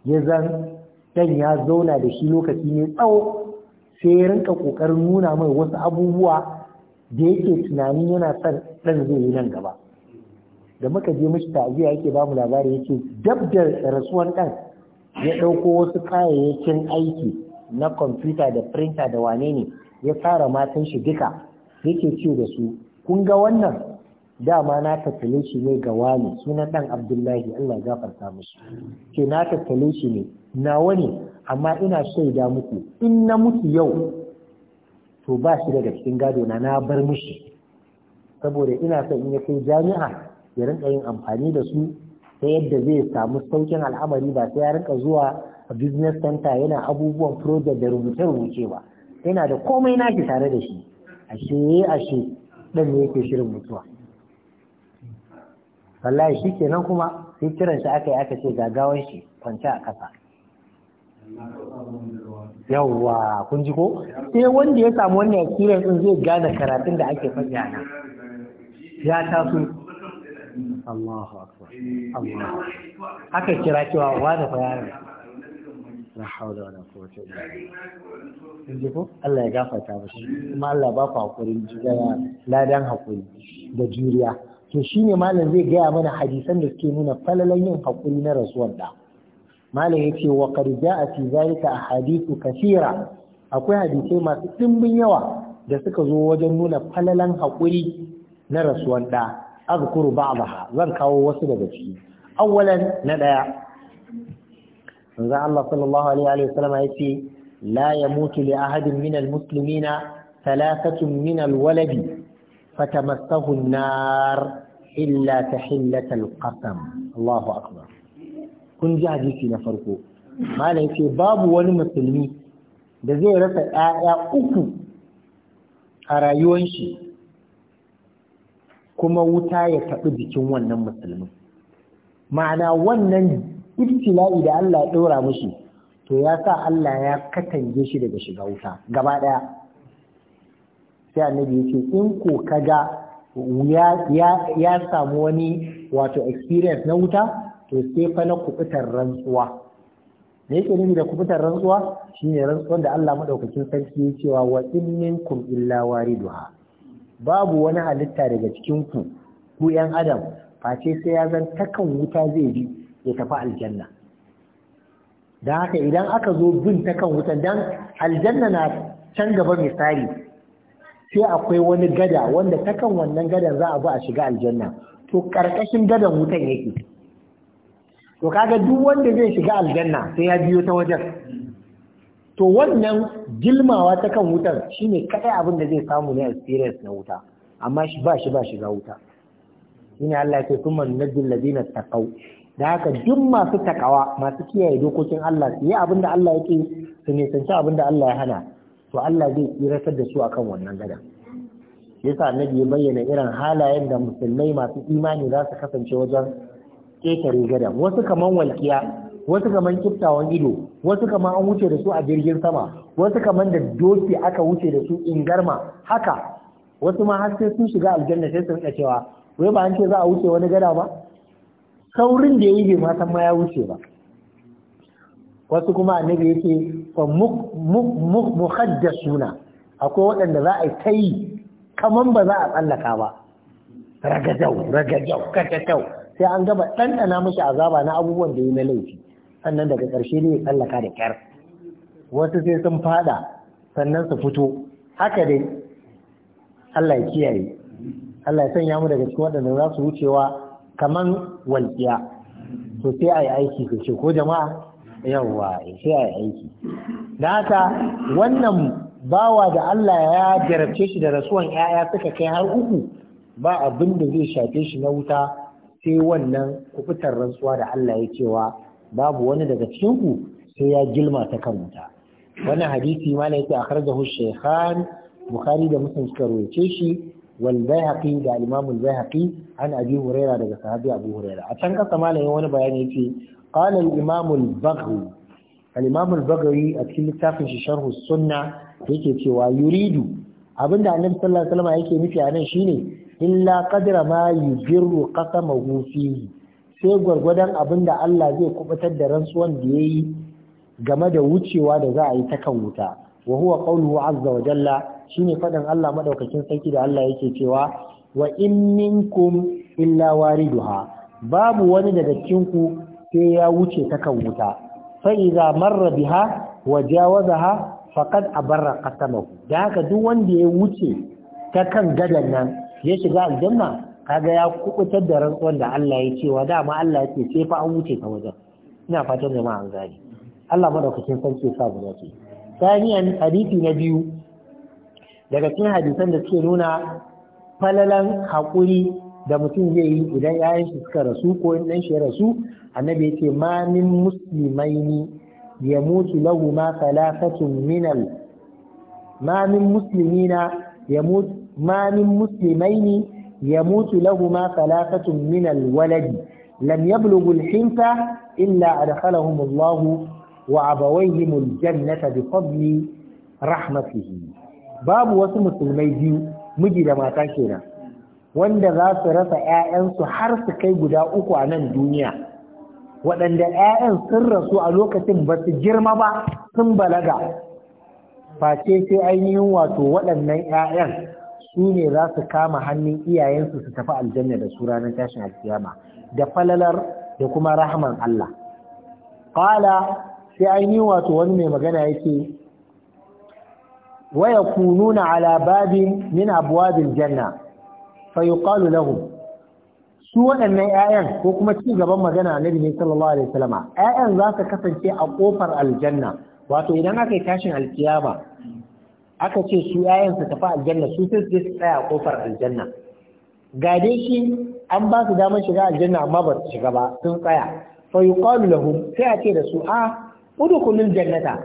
ya zan ɗan ya zauna da shi lokaci ne tsawo sai ya rinka ƙoƙarin nuna mai wasu abubuwa da yake tunanin yana son ɗan zai yi nan gaba da muka je mishi ta'aziyya yake ba mu labari yake dab da rasuwan ɗan ya ɗauko wasu kayayyakin aiki na kwamfuta da firinta da wane ne ya fara matan shi duka yake ce da su kun ga wannan dama na tattale shi ne ga wani sunan ɗan abdullahi Allah gafarta musu ke na tattale shi ne nawa ne amma ina shaida muku in na mutu yau to ba shi daga cikin gado na na bar mishi saboda ina son in ya kai jami'a ya rinka yin amfani da su ta yadda zai samu saukin al'amari ba sai ya rinka zuwa a business center yana abubuwan project da rubuce-rubuce ba yana da komai naki tare da shi ashe ashe ɗan ne yake shirin mutuwa wallahi shi kenan kuma sai kiran shi aka yi aka ce gagawan shi kwance a ƙasa yawwa kun ji ko sai eh, wanda ya samu wannan experience din zai gane karatun da ake faɗi ana ya taso Allahu akbar Allah aka kira cewa wa fa yaron la hawla wala quwwata illa billah kun ji ko Allah ya gafarta shi. kuma Allah ba ku hakurin jigaya ladan hakuri da juriya to shine malam zai gaya mana hadisan da suke nuna falalan yin hakuri na rasuwar da malam yace wa qad jaa fi zalika ahadithu akwai hadisai masu ɗimbin yawa da suka zo wajen nuna falalan hakuri na rasuwan ɗa azkuru baha, zan kawo wasu daga ciki awwalan na ɗaya. manzo Allah sallallahu alaihi wa sallam yace la yamutu li ahadin min almuslimina talatatun min alwaladi fatamassahu an-nar illa tahillata alqasam Allahu akbar kun ji hadisi na farko malam yace babu wani musulmi da zai rasa ƴaƴa uku a rayuwar shi kuma wuta ya taɓi jikin wannan musulmin ma'ana wannan ibtila'i da Allah ya ɗora mushi to ya sa Allah ya katange shi daga shiga wuta gaba ɗaya sai annabi ya in ko kaga ya, ya samu wani wato experience na wuta to sai fa na kubutar rantsuwa me yake nufi da kubutar rantsuwa shine rantsuwar da Allah madaukakin sarki ya cewa wa in minkum illa duha babu wani halitta daga cikin ku ku yan adam face sai ya zan takan wuta zai bi ya tafi aljanna dan haka idan aka zo bin takan wuta, dan aljanna na can gaba misali sai akwai wani gada wanda takan wannan gadan za a bi a shiga aljanna to karkashin gadan wutan yake to kaga duk wanda zai shiga aljanna sai ya biyo ta wajen to wannan gilmawa ta kan wutar shine kadai abin da zai samu ne experience na wuta amma shi ba shi ba shiga wuta shine Allah ya ce kuma najjil ladina taqaw da haka duk masu takawa masu kiyaye dokokin Allah su yi abin da Allah yake su nisanci abin da Allah ya hana to Allah zai tsiratar da su akan wannan gadan yasa annabi ya bayyana irin halayen da musulmai masu imani za su kasance wajen ƙetare gada wasu kaman walƙiya wasu kaman kiftawan ido wasu kaman an wuce da su a jirgin sama wasu kaman da doki aka wuce da su garma. haka wasu ma har sai sun shiga aljanna sai sun cewa wai ba an ce za a wuce wani gada ba saurin da yayi yi ma san ma ya wuce ba wasu kuma annabi yake fa muhaddasuna akwai waɗanda za a yi kamar kaman ba za a tsallaka ba ragajau ragajau katatau sai an gaba ɗanɗana mashi azaba na abubuwan da yi na laifi sannan daga ƙarshe ne ya tsallaka da ƙyar wasu sai sun fada sannan su fito haka dai Allah ya kiyaye Allah ya sanya mu daga cikin waɗanda za su wucewa kaman walƙiya to sai a yi aiki ce ko jama'a yawwa sai a yi aiki da haka wannan bawa da Allah ya jarabce shi da rasuwan 'ya'ya suka kai har uku ba abin da zai shafe shi na wuta sai wannan kufutar rantsuwa da Allah ya cewa babu wani daga cikin ku sai ya gilma ta kan wuta wannan hadisi ma ne yake da shaykhan bukhari da muslim suka rawace shi wal bayhaqi da imam al bayhaqi an abi huraira daga sahabi abu huraira a can kasa malamin wani bayani yake qala al imam al baghawi al imam al baghawi a cikin littafin shi sharh sunna yake cewa yuridu abinda annabi sallallahu alaihi wasallam yake nufi a nan shine illa qadra ma yujirru qasamahu fihi sai gwargwadon abin da Allah zai kubutar da rantsuwan da yi game da wucewa da za a yi ta kan wuta wa huwa qawluhu azza wa jalla shine fadin Allah madaukakin sarki da Allah yake cewa wa in minkum illa wariduha babu wani daga cikin ku sai ya wuce ta kan wuta fa idza marra biha wa jawazaha faqad abarra qasamahu da haka duk wanda ya wuce ta kan gadan nan ya shiga aljanna kaga ya kubutar da rantsuwar da Allah ya cewa dama Allah ya ce sai fa an wuce ka wajen ina fatan jama'a an gari. Allah madaukakin sarki ya sa guda dace saniyan hadisi na biyu daga cikin hadisan da suke nuna falalan hakuri da mutum zai yi idan yayan shi suka rasu ko in shi ya rasu annabi yake ma min muslimaini yamutu lahu ma thalathatun minal ma min muslimina yamutu musulmai ne ya mutu yamutu lahuma thalathatun min alwaladi lam yablughu alhinta illa adkhalahum Allah wa abawayhim aljannata bi fadli rahmatihi babu wasu musulmai biyu miji da mata kenan wanda za su rasa 'ya'yansu har su kai guda uku a nan duniya waɗanda 'ya'yan sun rasu a lokacin ba su girma ba sun balaga face ainihin wato waɗannan 'ya'yan su ne za su kama hannun iyayensu su tafi aljanna da su ranar tashin alkiyama da falalar da kuma rahman Allah qala sai ainihi wato wani mai magana yake waya kununa ala babin min abwabil janna fa yuqalu lahu. su waɗannan ƴaƴan ko kuma ci gaban magana annabi ne sallallahu alaihi wasallama ƴaƴan za su kasance a kofar aljanna wato idan aka yi tashin alkiyama aka ce su yayan su tafi aljanna su sai su tsaya a kofar aljanna gade shi an ba su damar shiga aljanna amma ba su shiga ba sun tsaya fa yuqalu lahum sai a ce da su a ah, udkhulul jannata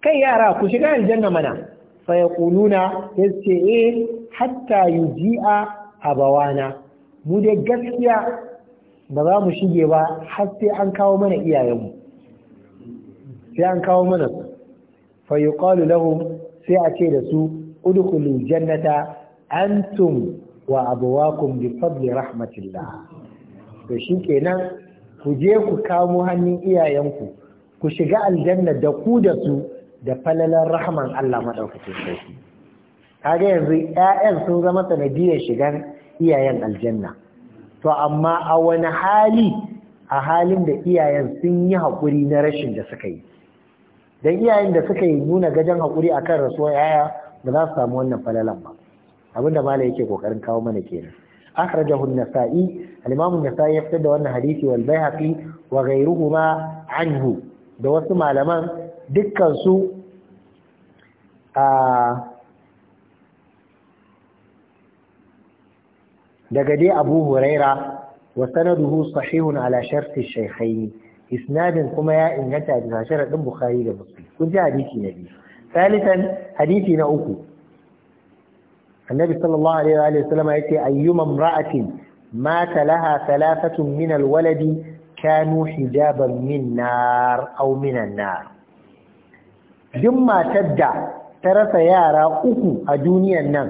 kai yara ku shiga aljanna mana fa yaquluna yace eh hatta yuji'a abawana mu dai gaskiya ba za mu shige ba har sai an kawo mana iyayenmu sai an kawo mana fa yuqalu lahum sai a ce da su udkhulu jannata antum wa abawakum bi fadli rahmatillah to shikenan ku je ku kamo hannun iyayenku ku shiga aljanna da ku da su da falalan rahman Allah madaukakin sarki kaga yanzu ƴaƴan sun zama sanadiyar shigan iyayen aljanna to amma a wani hali a halin da iyayen sun yi haƙuri na rashin da suka yi dan iyayen da suka yi nuna gajen hakuri akan rasuwar yaya ba za su samu wannan falalan ba abinda malai yake kokarin kawo mana kenan akhrajahu an-nasa'i al-imam an-nasa'i ya fitar da wannan hadisi wal baihaqi wa ma anhu da wasu malaman dukkan su a daga dai abu huraira wa sanaduhu sahihun ala sharti shaykhaini isnadin kuma ya inganta bisa sharaɗin bukhari da muslim kun ji hadisi na biyu salisan hadisi na uku annabi sallallahu alaihi wa sallam yace ayyuma imra'atin mata laha thalathatun min alwaladi kanu hijaban min nar aw min duk matar da ta rasa yara uku a duniyan nan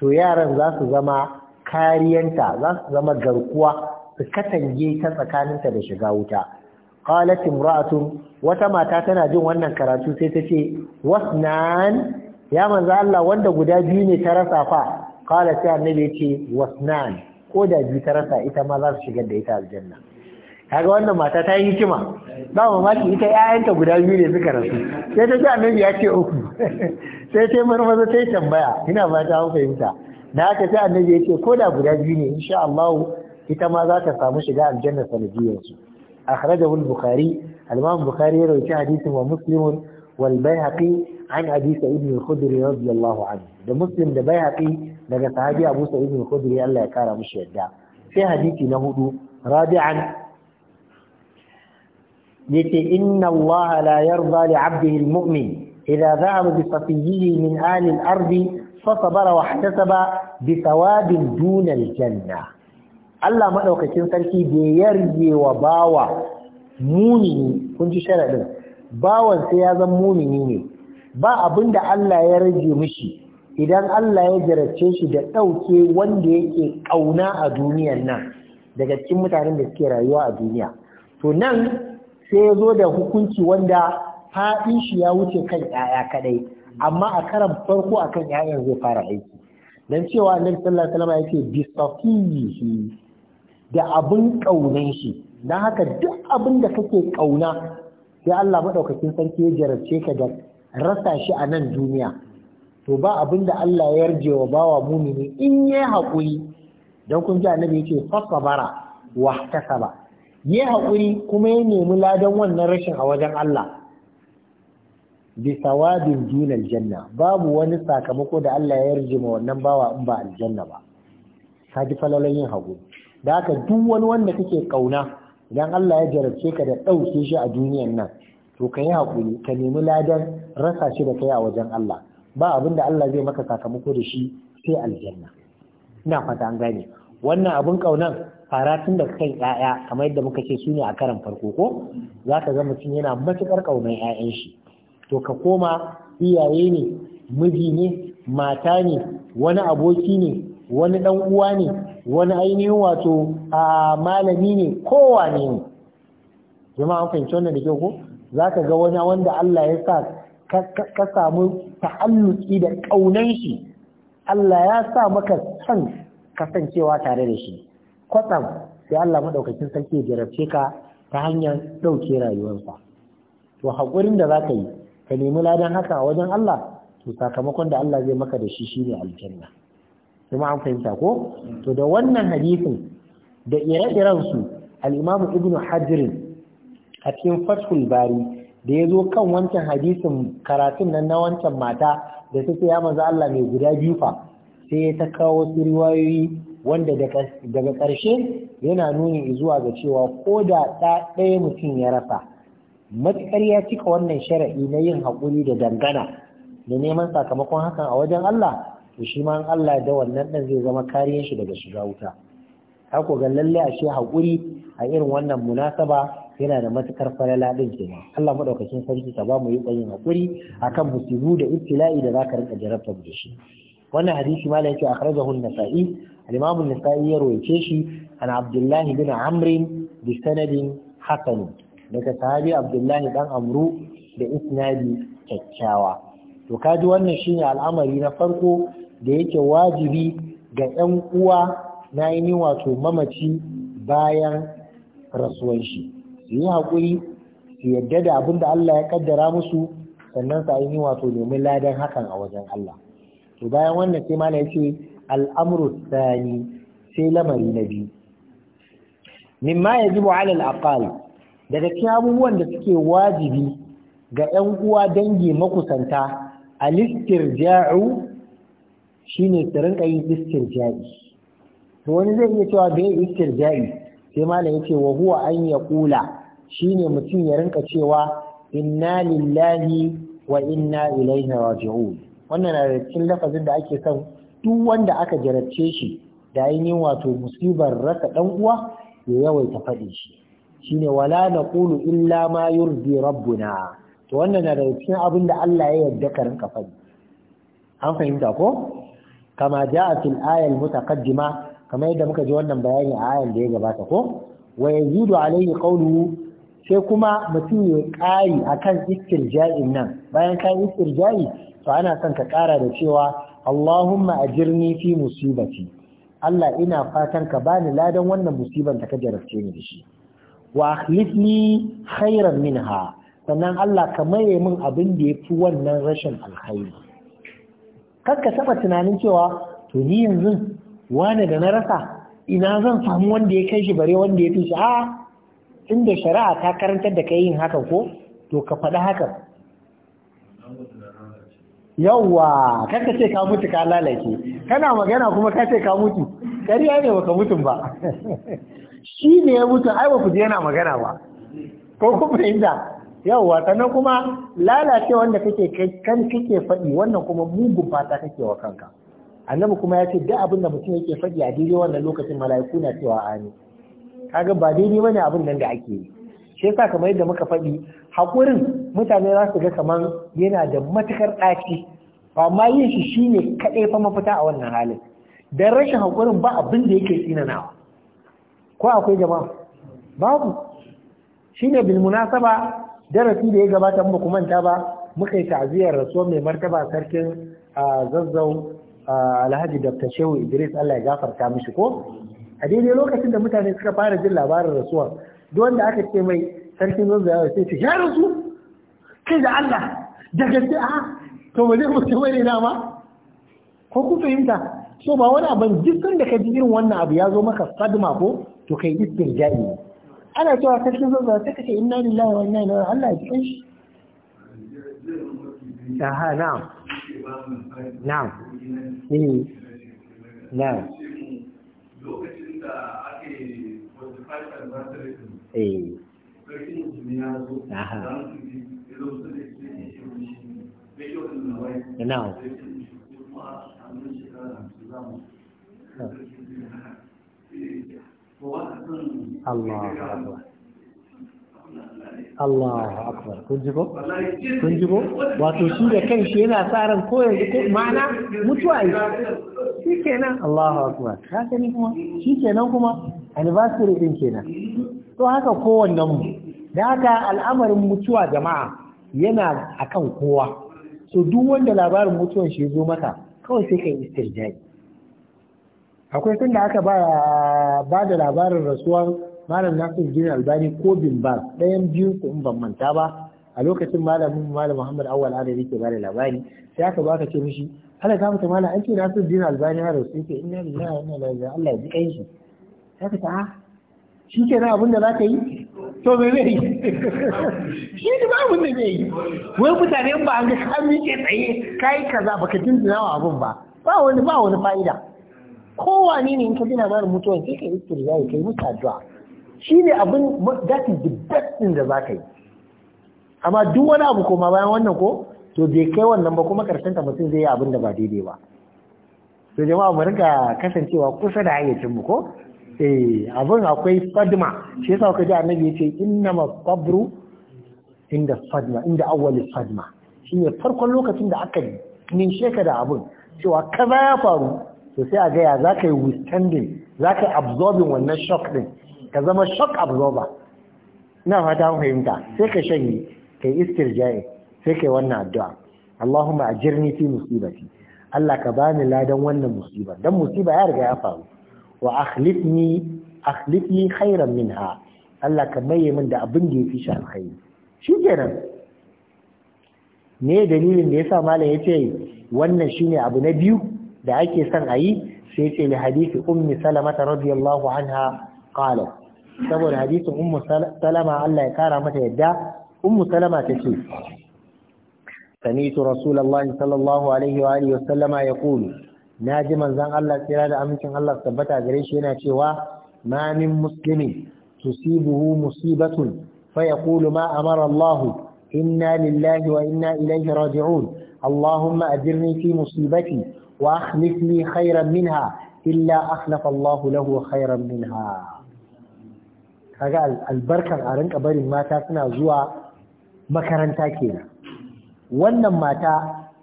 to yaran za su zama kariyanta za su zama garkuwa su katange ta tsakaninta da shiga wuta qalat imra'atu wata mata tana jin wannan karatu sai ta ce wasnan ya manzo Allah wanda guda biyu ne ta rasa fa qalat ya annabi yace wasnan ko da biyu ta rasa ita ma za su shigar da ita aljanna kaga wannan mata ta yi hikima ba maki ita ƴaƴanta guda biyu ne suka rasu sai ta ce annabi ya ce uku sai ta marmaza ta yi tambaya ina ba ta fahimta da haka sai annabi ya ce ko da guda biyu ne insha Allah ita ma za ta samu shiga aljanna sanadiyar su أخرجه البخاري الإمام البخاري يروي في حديث ومسلم والبيهقي عن أبي سعيد الخدري رضي الله عنه ده مسلم ده بيهقي لقى صحابي أبو سعيد الخدري ألا يكار مش يدع في حديث نهود رابعا يتي إن الله لا يرضى لعبده المؤمن إذا ذهب بصفيه من آل الأرض فصبر واحتسب بثواب دون الجنة Allah maɗaukakin sarki bai yarge wa bawa mumini kun ji sharaɗin bawan sai ya zan mumini ne ba abin da Allah ya rage mishi idan Allah ya jarace shi da ɗauke wanda yake ƙauna a duniyan nan daga cikin mutanen da suke rayuwa a duniya to nan sai ya zo da hukunci wanda faɗin shi ya wuce kan ‘ya'ya kaɗai amma a karan farko akan ‘ya'yan zai fara aiki don cewa annabi sallallahu alaihi wasallam yake bi da abin ƙaunan shi don haka duk abin da kake ƙauna sai Allah maɗaukacin sarki ya jarabce ka da rasa shi a nan duniya to ba abin da Allah ya yarje wa bawa mumini in ya haƙuri don kun ji annabi yace bara, wa ba. ya yi haƙuri kuma ya nemi ladan wannan rashin a wajen Allah bi sawabin aljanna babu wani sakamako da Allah ya yarje wa wannan bawa in ba aljanna ba ka ji falalon yin haƙuri da haka duk wani wanda kake ƙauna idan Allah ya jarabce ka da ɗauke shi a duniyan nan to ka yi haƙuri ka nemi ladan rasa shi da kai a wajen Allah ba abin da Allah zai maka sakamako da shi sai aljanna ina fata an gane wannan abin kaunan fara tun da kan ƴaƴa kamar yadda muka ce su ne a karan farko ko za ka ga mutum yana matuƙar ƙaunar ƴaƴan shi to ka koma iyaye ne miji ne mata ne wani aboki ne wani ɗan uwa ne wani ainihin wato a malami ne kowa ne jama'a an fahimci wannan da ke ko za ka ga wani wanda Allah ya sa ka samu ta'alluki da ƙaunan shi Allah ya sa maka son kasancewa tare da shi kwatsam sai Allah maɗaukacin sarki ya jarabce ka ta hanyar ɗauke rayuwarsa to haƙurin da za ka yi ka nemi ladan haka a wajen Allah to sakamakon da Allah zai maka da shi shine aljanna kuma an fahimta ko to da wannan hadisin da ire-iren su al-Imam Ibn Hajar a cikin Fathul Bari da yazo kan wancan hadisin karatun nan na wancan mata da take ya manzo Allah mai guda biyu fa sai ta kawo riwayoyi wanda daga ƙarshe yana nuni zuwa ga cewa ko da ta ɗaya mutum ya rasa matuƙar ya cika wannan shara'i na yin haƙuri da dangana da neman sakamakon hakan a wajen Allah to shi ma Allah da wannan ɗan zai zama kariyar shi daga shiga wuta haka ga lalle a ce haƙuri a irin wannan munasaba yana da matukar falala ɗin kenan Allah madaukakin sarki ka ba mu yi ƙwayin haƙuri akan musibu da ibtila'i da zaka rinka jarabtar da shi wannan hadisi ma yake akhrajahu an-nasa'i al-imam an-nasa'i ya rawaice shi an Abdullah bin Amr bi sanadin hasan daga sahabi Abdullah dan Amru da isnadi kyakkyawa to ji wannan shine al'amari na farko da yake wajibi ga 'yan uwa na yi wato mamaci bayan rasuwan shi su yi haƙuri su yadda da abin da Allah ya kaddara musu sannan su yi wato domin ladan hakan a wajen Allah to bayan wannan sai mala yace al'amru tsani sai lamari na biyu mimma ya ala al-aqal daga cikin abubuwan da suke wajibi ga 'yan uwa dangi makusanta al shi ne su yin istirja'i to wani zai iya cewa bai Ja'i, sai ya yace wa huwa an shi ne mutum ya rinka cewa inna lillahi wa inna ilaihi raji'un wannan na cikin lafazin da ake son duk wanda aka jarabce shi da ainihin wato musibar rasa dan uwa ya yawaita faɗi shi shine wala na naqulu illa ma yurdi rabbuna to wannan na daga cikin abin da Allah ya yarda ka rinka faɗi an fahimta ko kama ja'a fil ayal mutaqaddima kamar yadda muka ji wannan bayani a ayan da ya gabata ko wa yazidu alayhi qawluhu sai kuma mutum ya kai akan istirja'in nan bayan ka istirja'i to ana son ka kara da cewa Allahumma ajirni fi musibati Allah ina fatan ka bani ladan wannan musibar da ka jarabce ni da shi wa akhlifni khairan minha sannan Allah ka maye min abin da ya fi wannan rashin alkhairi kar ka saba tunanin cewa to ni yanzu wane da na rasa ina zan samu wanda ya kai shi bare wanda ya fi shi a inda shari'a ta karantar da kai yin haka ko to ka faɗi haka yawwa kar ka ce ka mutu ka lalace kana magana kuma ka ce ka mutu kariya ne baka mutum ba shi ne ya mutu ai ba ku je yana magana ba ko kuma inda yawwa sannan kuma lalace wanda kake kan kake faɗi wannan kuma mugun fata kake wa kanka annabi kuma ya ce duk abin da mutum yake faɗi a daidai wannan lokacin mala'iku na cewa ani kaga ba daidai bane abin nan da ake yi shi yasa kamar yadda muka faɗi hakurin mutane za su ga kamar yana da matukar ɗaci amma yin shi shine kaɗai fa mafita a wannan halin dan rashin hakurin ba abin da yake tsinanawa ko akwai jama'a babu shine bil munasaba darasi da ya gabata mu manta ba muka yi ta'aziyar rasuwar mai martaba sarkin zazzau alhaji dr shehu idris allah ya gafarta mishi ko a daidai lokacin da mutane suka fara jin labarin rasuwa duk wanda aka ce mai sarkin zazzau ya ce ya rasu kai da allah da gaske a to ba zai mutu mai na ma ko ku fahimta so ba wani abin duk da ka ji irin wannan abu ya zo maka sadma ko to kai istirja'i ne أنا توافق شو بقى تكفي إنا لله وإنا إليه الله يجيش آه نعم نعم نعم إيه نعم إيه. نعم Allah Allah akbar kun ji ko kun ji ko wato shi da kanshi yana tsarin koyar ko yanzu ko mana mutuwa yi shikenan Allahu akbar ka gani kuma shikenan kuma anniversary din kenan to haka kowannen mu da haka al'amarin mutuwa jama'a yana akan kowa so duk wanda labarin mutuwan shi zo maka kawai sai kai istirjai akwai tun da aka ba da labarin rasuwar malam nasir jini albani ko bin ba ɗayan biyu ko in ban manta ba a lokacin malamin malam muhammad awal adar ke ba da labari sai aka ba ka ce mishi ala ta mutu malam an ce nasir jini albani ya rasu yake inna da wa inna lalata Allah ya ji kan shi sai ka ta ah, shi kenan abin da za ka yi to me zai yi shi ne ba abin da zai yi wai mutane ba an ga ka miƙe tsaye kai kaza baka jinjina wa abin ba ba wani ba wani fa'ida kowane ne in ka ji mara mutuwa sai ka yi istirjai kai mutu addu'a ne abin that is the din da zaka yi amma duk wani abu koma bayan wannan ko to bai kai wannan ba kuma karshen ta mutum zai yi abin da ba daidai ba to jama'a mu rinka kasancewa kusa da hayyacin mu ko eh abin akwai fadma shi yasa kuka ji annabi yace innama sabru inda fadma inda awwal fadma Shi ne farkon lokacin da aka yi nin sheka da abin cewa kaza ya faru to sai a gaya ya zaka yi withstanding zaka absorbing wannan shock din ka zama shock absorber ina fata fahimta sai ka shanye kai istirja'i sai kai wannan addu'a Allahumma ajirni fi musibati Allah ka bani ladan wannan musiba. dan musiba ya riga ya faru wa akhlifni akhlifni khairan minha Allah ka maye min da abin da yafi shi alkhairi kenan. ne dalilin da yasa malam yace wannan shine abu na biyu da ake son a yi sai ce da hadisi ummi salamata radiyallahu anha qalat saboda hadisin ummu salama Allah ya kara mata yadda ummu salama ta ce sami'tu rasulullahi sallallahu alaihi wa alihi wasallama yaqulu naji manzon Allah tsira da amincin Allah tabbata gare shi yana cewa ma min muslimin tusibuhu musibatun fa yaqulu ma amara Allah inna lillahi wa inna ilaihi raji'un اللهم أجرني في مصيبتي wa akhlif li khairan minha illa akhlafa Allahu lahu khairan minha kaga albarkar a rinka barin mata suna zuwa makaranta kenan wannan mata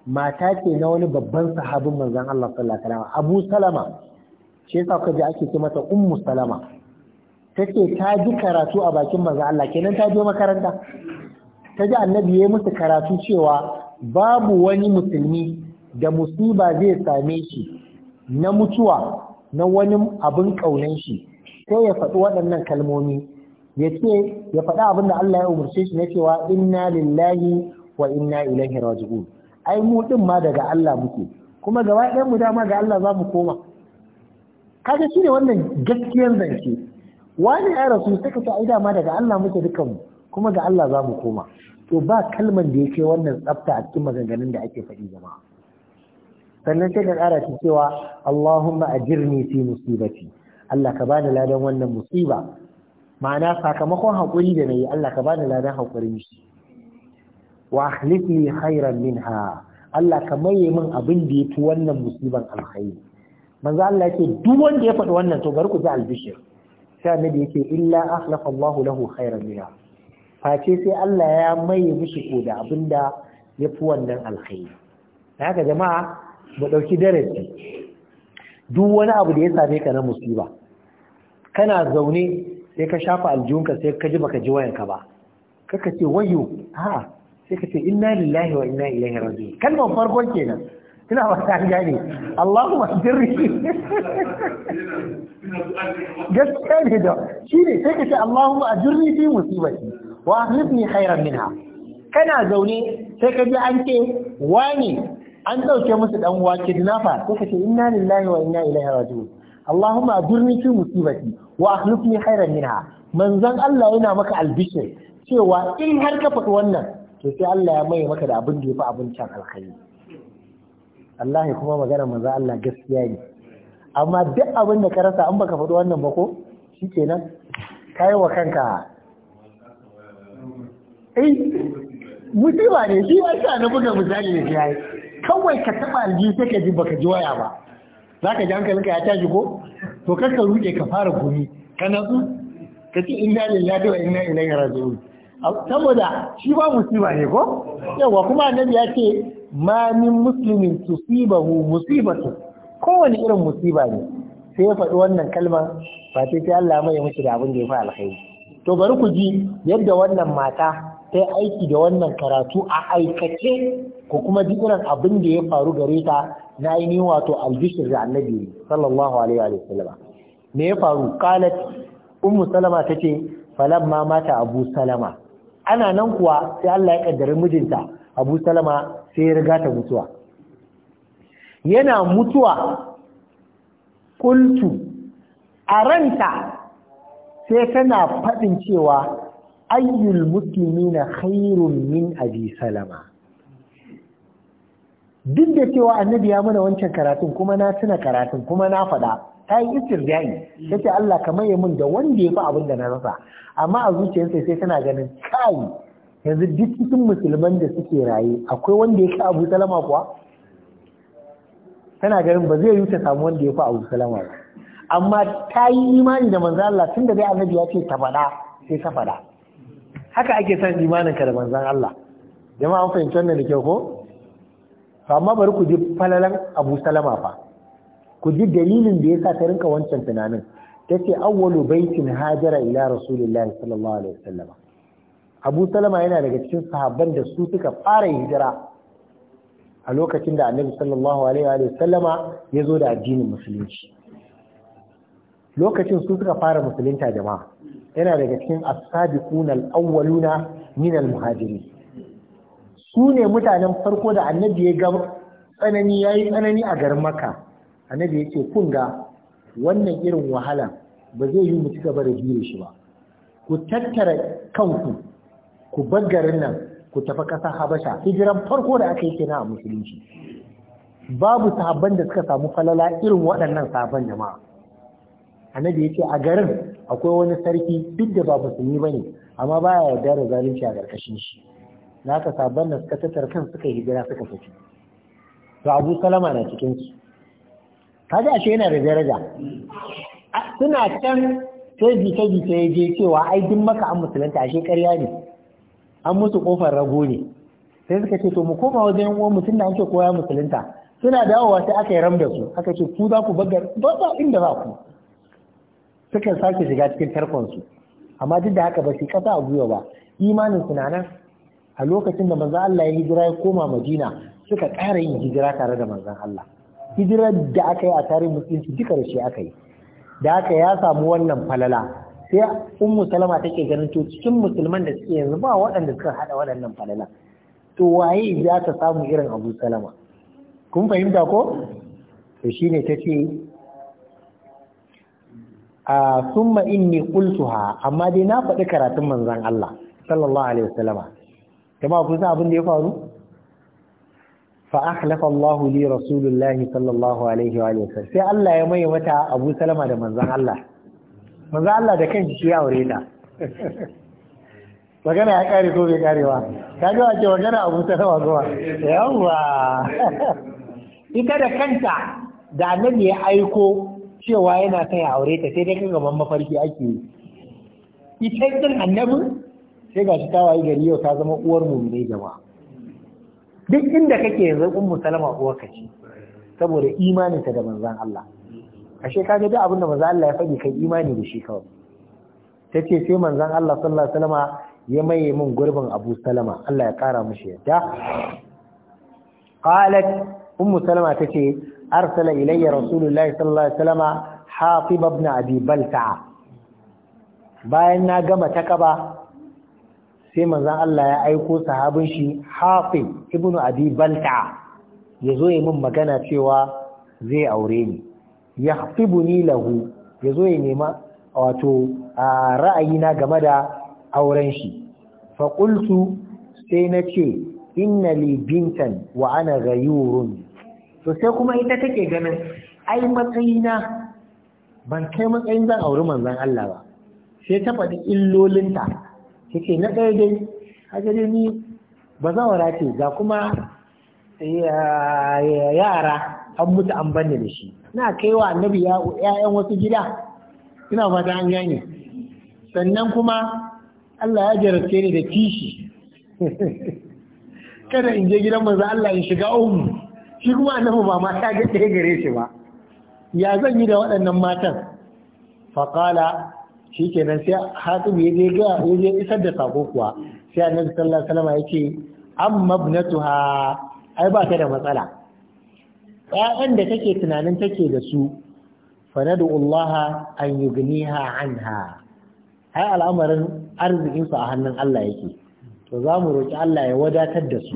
mata ce na wani babban sahabin manzon Allah sallallahu alaihi wasallam Abu Salama shi yasa kaje ake ce mata Ummu Salama tace ta ji karatu a bakin manzon Allah kenan ta je makaranta ta ji annabi yayi musu karatu cewa babu wani musulmi da musiba zai same shi na mutuwa na wani abin kaunan shi sai ya faɗi waɗannan kalmomi ya ce ya faɗi abin da Allah ya umarce shi na cewa inna lillahi wa inna ilaihi raji'un ai mu din ma daga Allah muke kuma gaba ɗayan mu dama ga Allah za mu koma kaga shi ne wannan gaskiyar zance wani ya rasu suka ce ai dama daga Allah muke dukanmu kuma ga Allah za mu koma to ba kalman da yake wannan tsafta a cikin maganganun da ake faɗi jama'a sannan sai ka ƙara ta cewa Allahumma ajirni fi musibati Allah ka bani ladan wannan musiba ma'ana sakamakon haƙuri da nayi Allah ka bani ladan haƙurin shi wa akhlifni khairan minha Allah ka maye min abin da yafi wannan musiban alkhairi manzo Allah yake duk wanda ya faɗi wannan to bari ku ji albishir sai annabi yake illa akhlafa Allahu lahu khairan minha face sai Allah ya maye mishi ko da abinda ya fi wannan alkhairi haka jama'a Ba ɗauki darasi duk wani abu da ya same ka na musiba kana zaune sai ka shafa aljihunka sai ka ji baka ji wayanka ba kaka ce wayo a sai ka ce inna lillahi wa inna ilaihi raji'un kalmar farkon kenan ina ba ta gane Allahumma sirri gaskiya ne da shine sai ka ce Allahumma ajirni fi musibati wa akhlifni khairan minha kana zaune sai ka ji an ce wani an ɗauke musu dan uwa kidnapper sai ka ce inna lillahi wa inna ilaihi raji'un Allahumma ajurni fi musibati wa akhlifni khairan minha manzon Allah yana maka albishir cewa in har ka faɗi wannan to sai Allah ya mai maka da abin da ya fi abincin alkhairi Allah kuma magana manzon Allah gaskiya ne amma duk abin da ka rasa an baka faɗi wannan ba ko shikenan kai wa kanka eh musiba ne shi ya sa na buga misali da shi kawai ka taba aljihu sai ka ji baka ji waya ba za ka ji hankalinka ya tashi ko to kar ka ruɗe ka fara gumi ka natsu ka ce inna lillahi wa inna ilaihi raji'un saboda shi ba musiba ne ko yawa kuma annabi ya ce ma min muslimin tusibahu musibatu kowane irin musiba ne sai ya faɗi wannan kalmar ba sai sai Allah mai mushi da abin da ya fi alkhairi to bari ku ji yadda wannan mata ta yi aiki da wannan karatu a aikace ko kuma duk irin abin da ya faru gare ta na yi niwa wato albishir da annabi sallallahu alaihi wa sallama me ya faru qalat ummu salama tace falamma mata abu salama ana nan kuwa sai Allah ya kaddare mijinta abu salama sai ya riga ta mutuwa yana mutuwa kultu a ranta sai tana faɗin cewa ayyul muslimina khairun min abi salama duk da cewa annabi ya mana wancan karatun kuma na tuna karatun kuma na faɗa ta yi istirja'i ta Allah kamar ya mun da wanda ya fi abin da na rasa amma a zuciyarsa sai tana ganin kai yanzu duk cikin musulman da suke raye akwai wanda ya fi abu salama kuwa tana ganin ba zai yi ta samu wanda ya fi abu salama ba amma ta yi imani da manzo Allah tun da dai annabi ya ce ta faɗa sai ta faɗa haka ake son ka da manzan Allah jama'a an fahimci wannan da kyau ko amma bari ku ji falalan Abu Salama fa ku ji dalilin da yasa ta rinka wancan tunanin tace awwalu baitin hajara ila rasulillahi sallallahu alaihi wasallam Abu Salama yana daga cikin sahabban da su suka fara hijira a lokacin da Annabi sallallahu alaihi wasallama ya zo da addinin musulunci lokacin su suka fara musulunta jama'a yana daga cikin as-sabiquna al-awwaluna min al-muhajiri su ne mutanen farko da annabi ya ga tsanani yayi tsanani a garin Makka annabi ya ce kun ga wannan irin wahala ba zai yi mu ci gaba da jure shi ba ku tattara kanku ku bar garin nan ku tafi ƙasar Habasha hijiran farko da aka yi kenan a musulunci babu sahabban da suka samu falala irin waɗannan sahabban jama'a annabi ya ce a garin akwai wani sarki duk da ba musulmi ba ne amma ba ya yarda da zalunci a ƙarƙashin shi na haka sabon da suka tattar kan suka hijira suka fito to abu salama na cikin su kaga ashe yana da daraja suna can sai jike jike ya je cewa ai duk maka an musulunta ashe ƙarya ne an musu kofar rago ne sai suka ce to mu koma wajen uwan mutum da ake koya musulunta suna dawowa sai aka yi ram da su aka ce ku za ku bagar ba ba inda za ku sukan sake shiga cikin tarkonsu amma duk da haka ba su kasa a gwiwa ba imanin su nan a lokacin da manzan Allah ya hijira ya koma Madina suka ƙara yin hijira tare da manzan Allah hijirar da aka yi a tarihin musulunci duka da shi aka yi da haka ya samu wannan falala sai ummu salama take ganin to cikin musulman da suke yanzu ba waɗanda suka haɗa waɗannan falala to waye za ta samu irin abu salama kun fahimta ko to shine ta ce a summa inni qultuha amma dai na faɗi karatun manzan Allah sallallahu alaihi wasallama kuma ku san abin da ya faru fa akhlafa Allah li rasulillahi sallallahu alaihi wa sallam sai Allah ya mai mata Abu Salama da manzan Allah manzan Allah da kan shi ya aure ta magana ya kare ko bai karewa ta ga wace magana Abu Salama zuwa yawa ita da kanta da annabi ya aiko cewa yana kai aure ta sai dai gaban mafarki ake yi ita din annabin sai ga shi ta wayi gari yau ta zama uwar mu ne jama'a duk inda kake yanzu ummu salama uwar ka ce saboda imanin ta da manzon Allah ashe kaga duk abin da manzon Allah ya faɗi kai imani da shi kawai tace sai manzon Allah sallallahu alaihi wasallam ya maye min gurbin Abu Salama Allah ya kara mishi yadda qalat ummu salama tace arsala ilayya rasulullahi sallallahu alaihi wasallama hafib ibn abi balta'a bayan na gama takaba sai manzon Allah ya aiko sahabin shi hafib ibn abi balta'a yazo yi min magana cewa zai aure ni yahfibuni lahu yazo ya nema wato ra'ayina game da auren shi fa qultu sai nace inna li bintan wa ana ghayurun to sai kuma ita take ganin ai matsayina ban kai matsayin zan auri manzon Allah ba sai ta faɗi illolinta take na ɗaya dai haka dai ni ba wara ce ga kuma yara an mutu an banne da shi na kaiwa annabi ya'yan wasu gida ina fata an gane sannan kuma Allah ya jarabce ni da kishi kada in je gidan manzo Allah in shiga umu shi kuma annabi ba ta ga ɗaya gare shi ba ya zan yi da waɗannan matan faƙala shi kenan sai hatim ya je ga ya je isar da sako kuwa sai annabi sallallahu alaihi wasallam ya ce amma ibnatuha ai ba ta da matsala ƴaƴan da take tunanin take da su fanadu Allah an yugniha anha ai al'amarin arzikinsu a hannun Allah yake to za mu roƙi Allah ya wadatar da su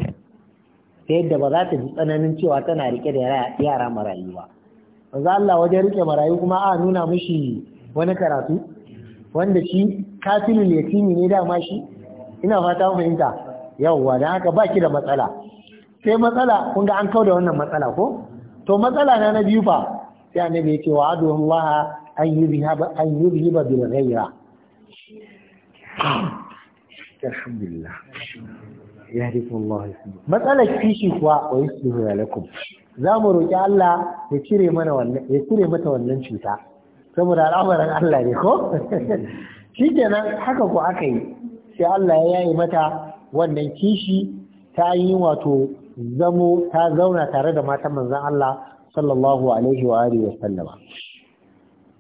ta yadda ba za ta ji tsananin cewa tana rike da yara marayu ba manzo Allah wajen rike marayu kuma a nuna mishi wani karatu wanda shi kafilul yatimi ne dama shi ina fata mu fahimta yawwa da haka baki da matsala sai matsala kun ga an kauda wannan matsala ko to matsala na na biyu fa sai annabi ya ce wa adu Allah an ba an ba bil ghaira alhamdulillah yahdikum Allah matsalar kishi kuwa wa yuslihu lakum za mu roki Allah ya cire mata wannan cuta saboda al'amarin Allah ne ko shikenan haka ku aka yi sai Allah ya yayi mata wannan kishi ta yi wato zamo ta zauna tare da matan manzon Allah sallallahu alaihi wa alihi wa sallama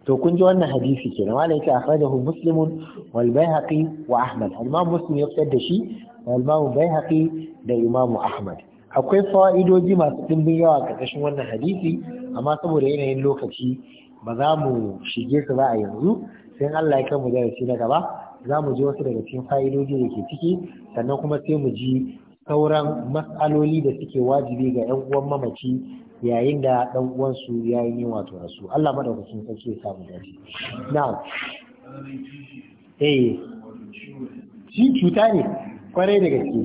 to kun ji wannan hadisi ke da malai ta akhrajahu muslimun walbai haƙi wa ahmad al musulmi ya fitar da shi wal bai haƙi da imamu ahmad akwai fa'idoji masu dimbin yawa a ƙarƙashin wannan hadisi amma saboda yanayin lokaci ba za mu shige su ba a yanzu sai Allah ya kamu darasi na gaba za mu je wasu daga cikin fa'idoji da ke ciki sannan kuma sai mu ji sauran matsaloli da suke wajibi ga 'yan uwan mamaci yayin da dan uwansu ya yi wato rasu Allah madaukakin sarki ya samu dace Na eh shi cuta ne kwarai da gaske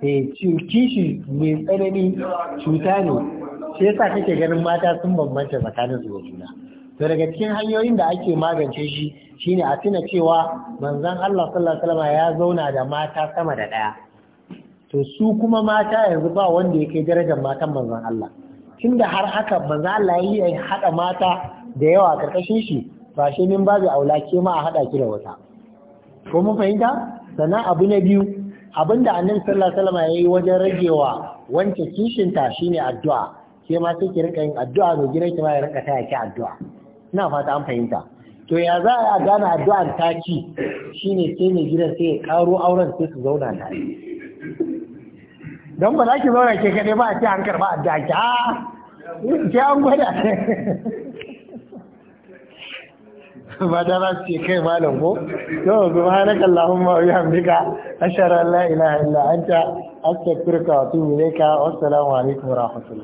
eh kishi mai tsanani cuta ne shi yasa kake ganin mata sun bambanta tsakanin su da juna to daga cikin hanyoyin da ake magance shi shine a tuna cewa manzon Allah sallallahu ya zauna da mata sama da daya to su kuma mata yanzu ba wanda ya kai darajar matan manzon Allah tunda har haka manzo Allah ya yi haɗa mata da yawa karkashin shi shi ashe min zai aula ke ma a hada ki da wata ko mun fahimta sannan abu na biyu abinda annabi sallallahu alaihi wasallam yi wajen ragewa wance kishin ta shine addu'a ke ma sai ki rinka yin addu'a mai gidan ki ma ya rinka taya ki addu'a ina fata an fahimta to ya za a gane addu'ar taki shine sai mai gidan sai ya karo auren sai su zauna tare don ba za ki zauna ke kaɗai ba a ce an karɓa a ki a ke an gwada ba da za su ce kai malam ko to subhanaka allahumma wa bihamdika ashhadu hamdika la ilaha illa anta astaghfiruka wa atubu ilayka wa assalamu alaikum wa rahmatullahi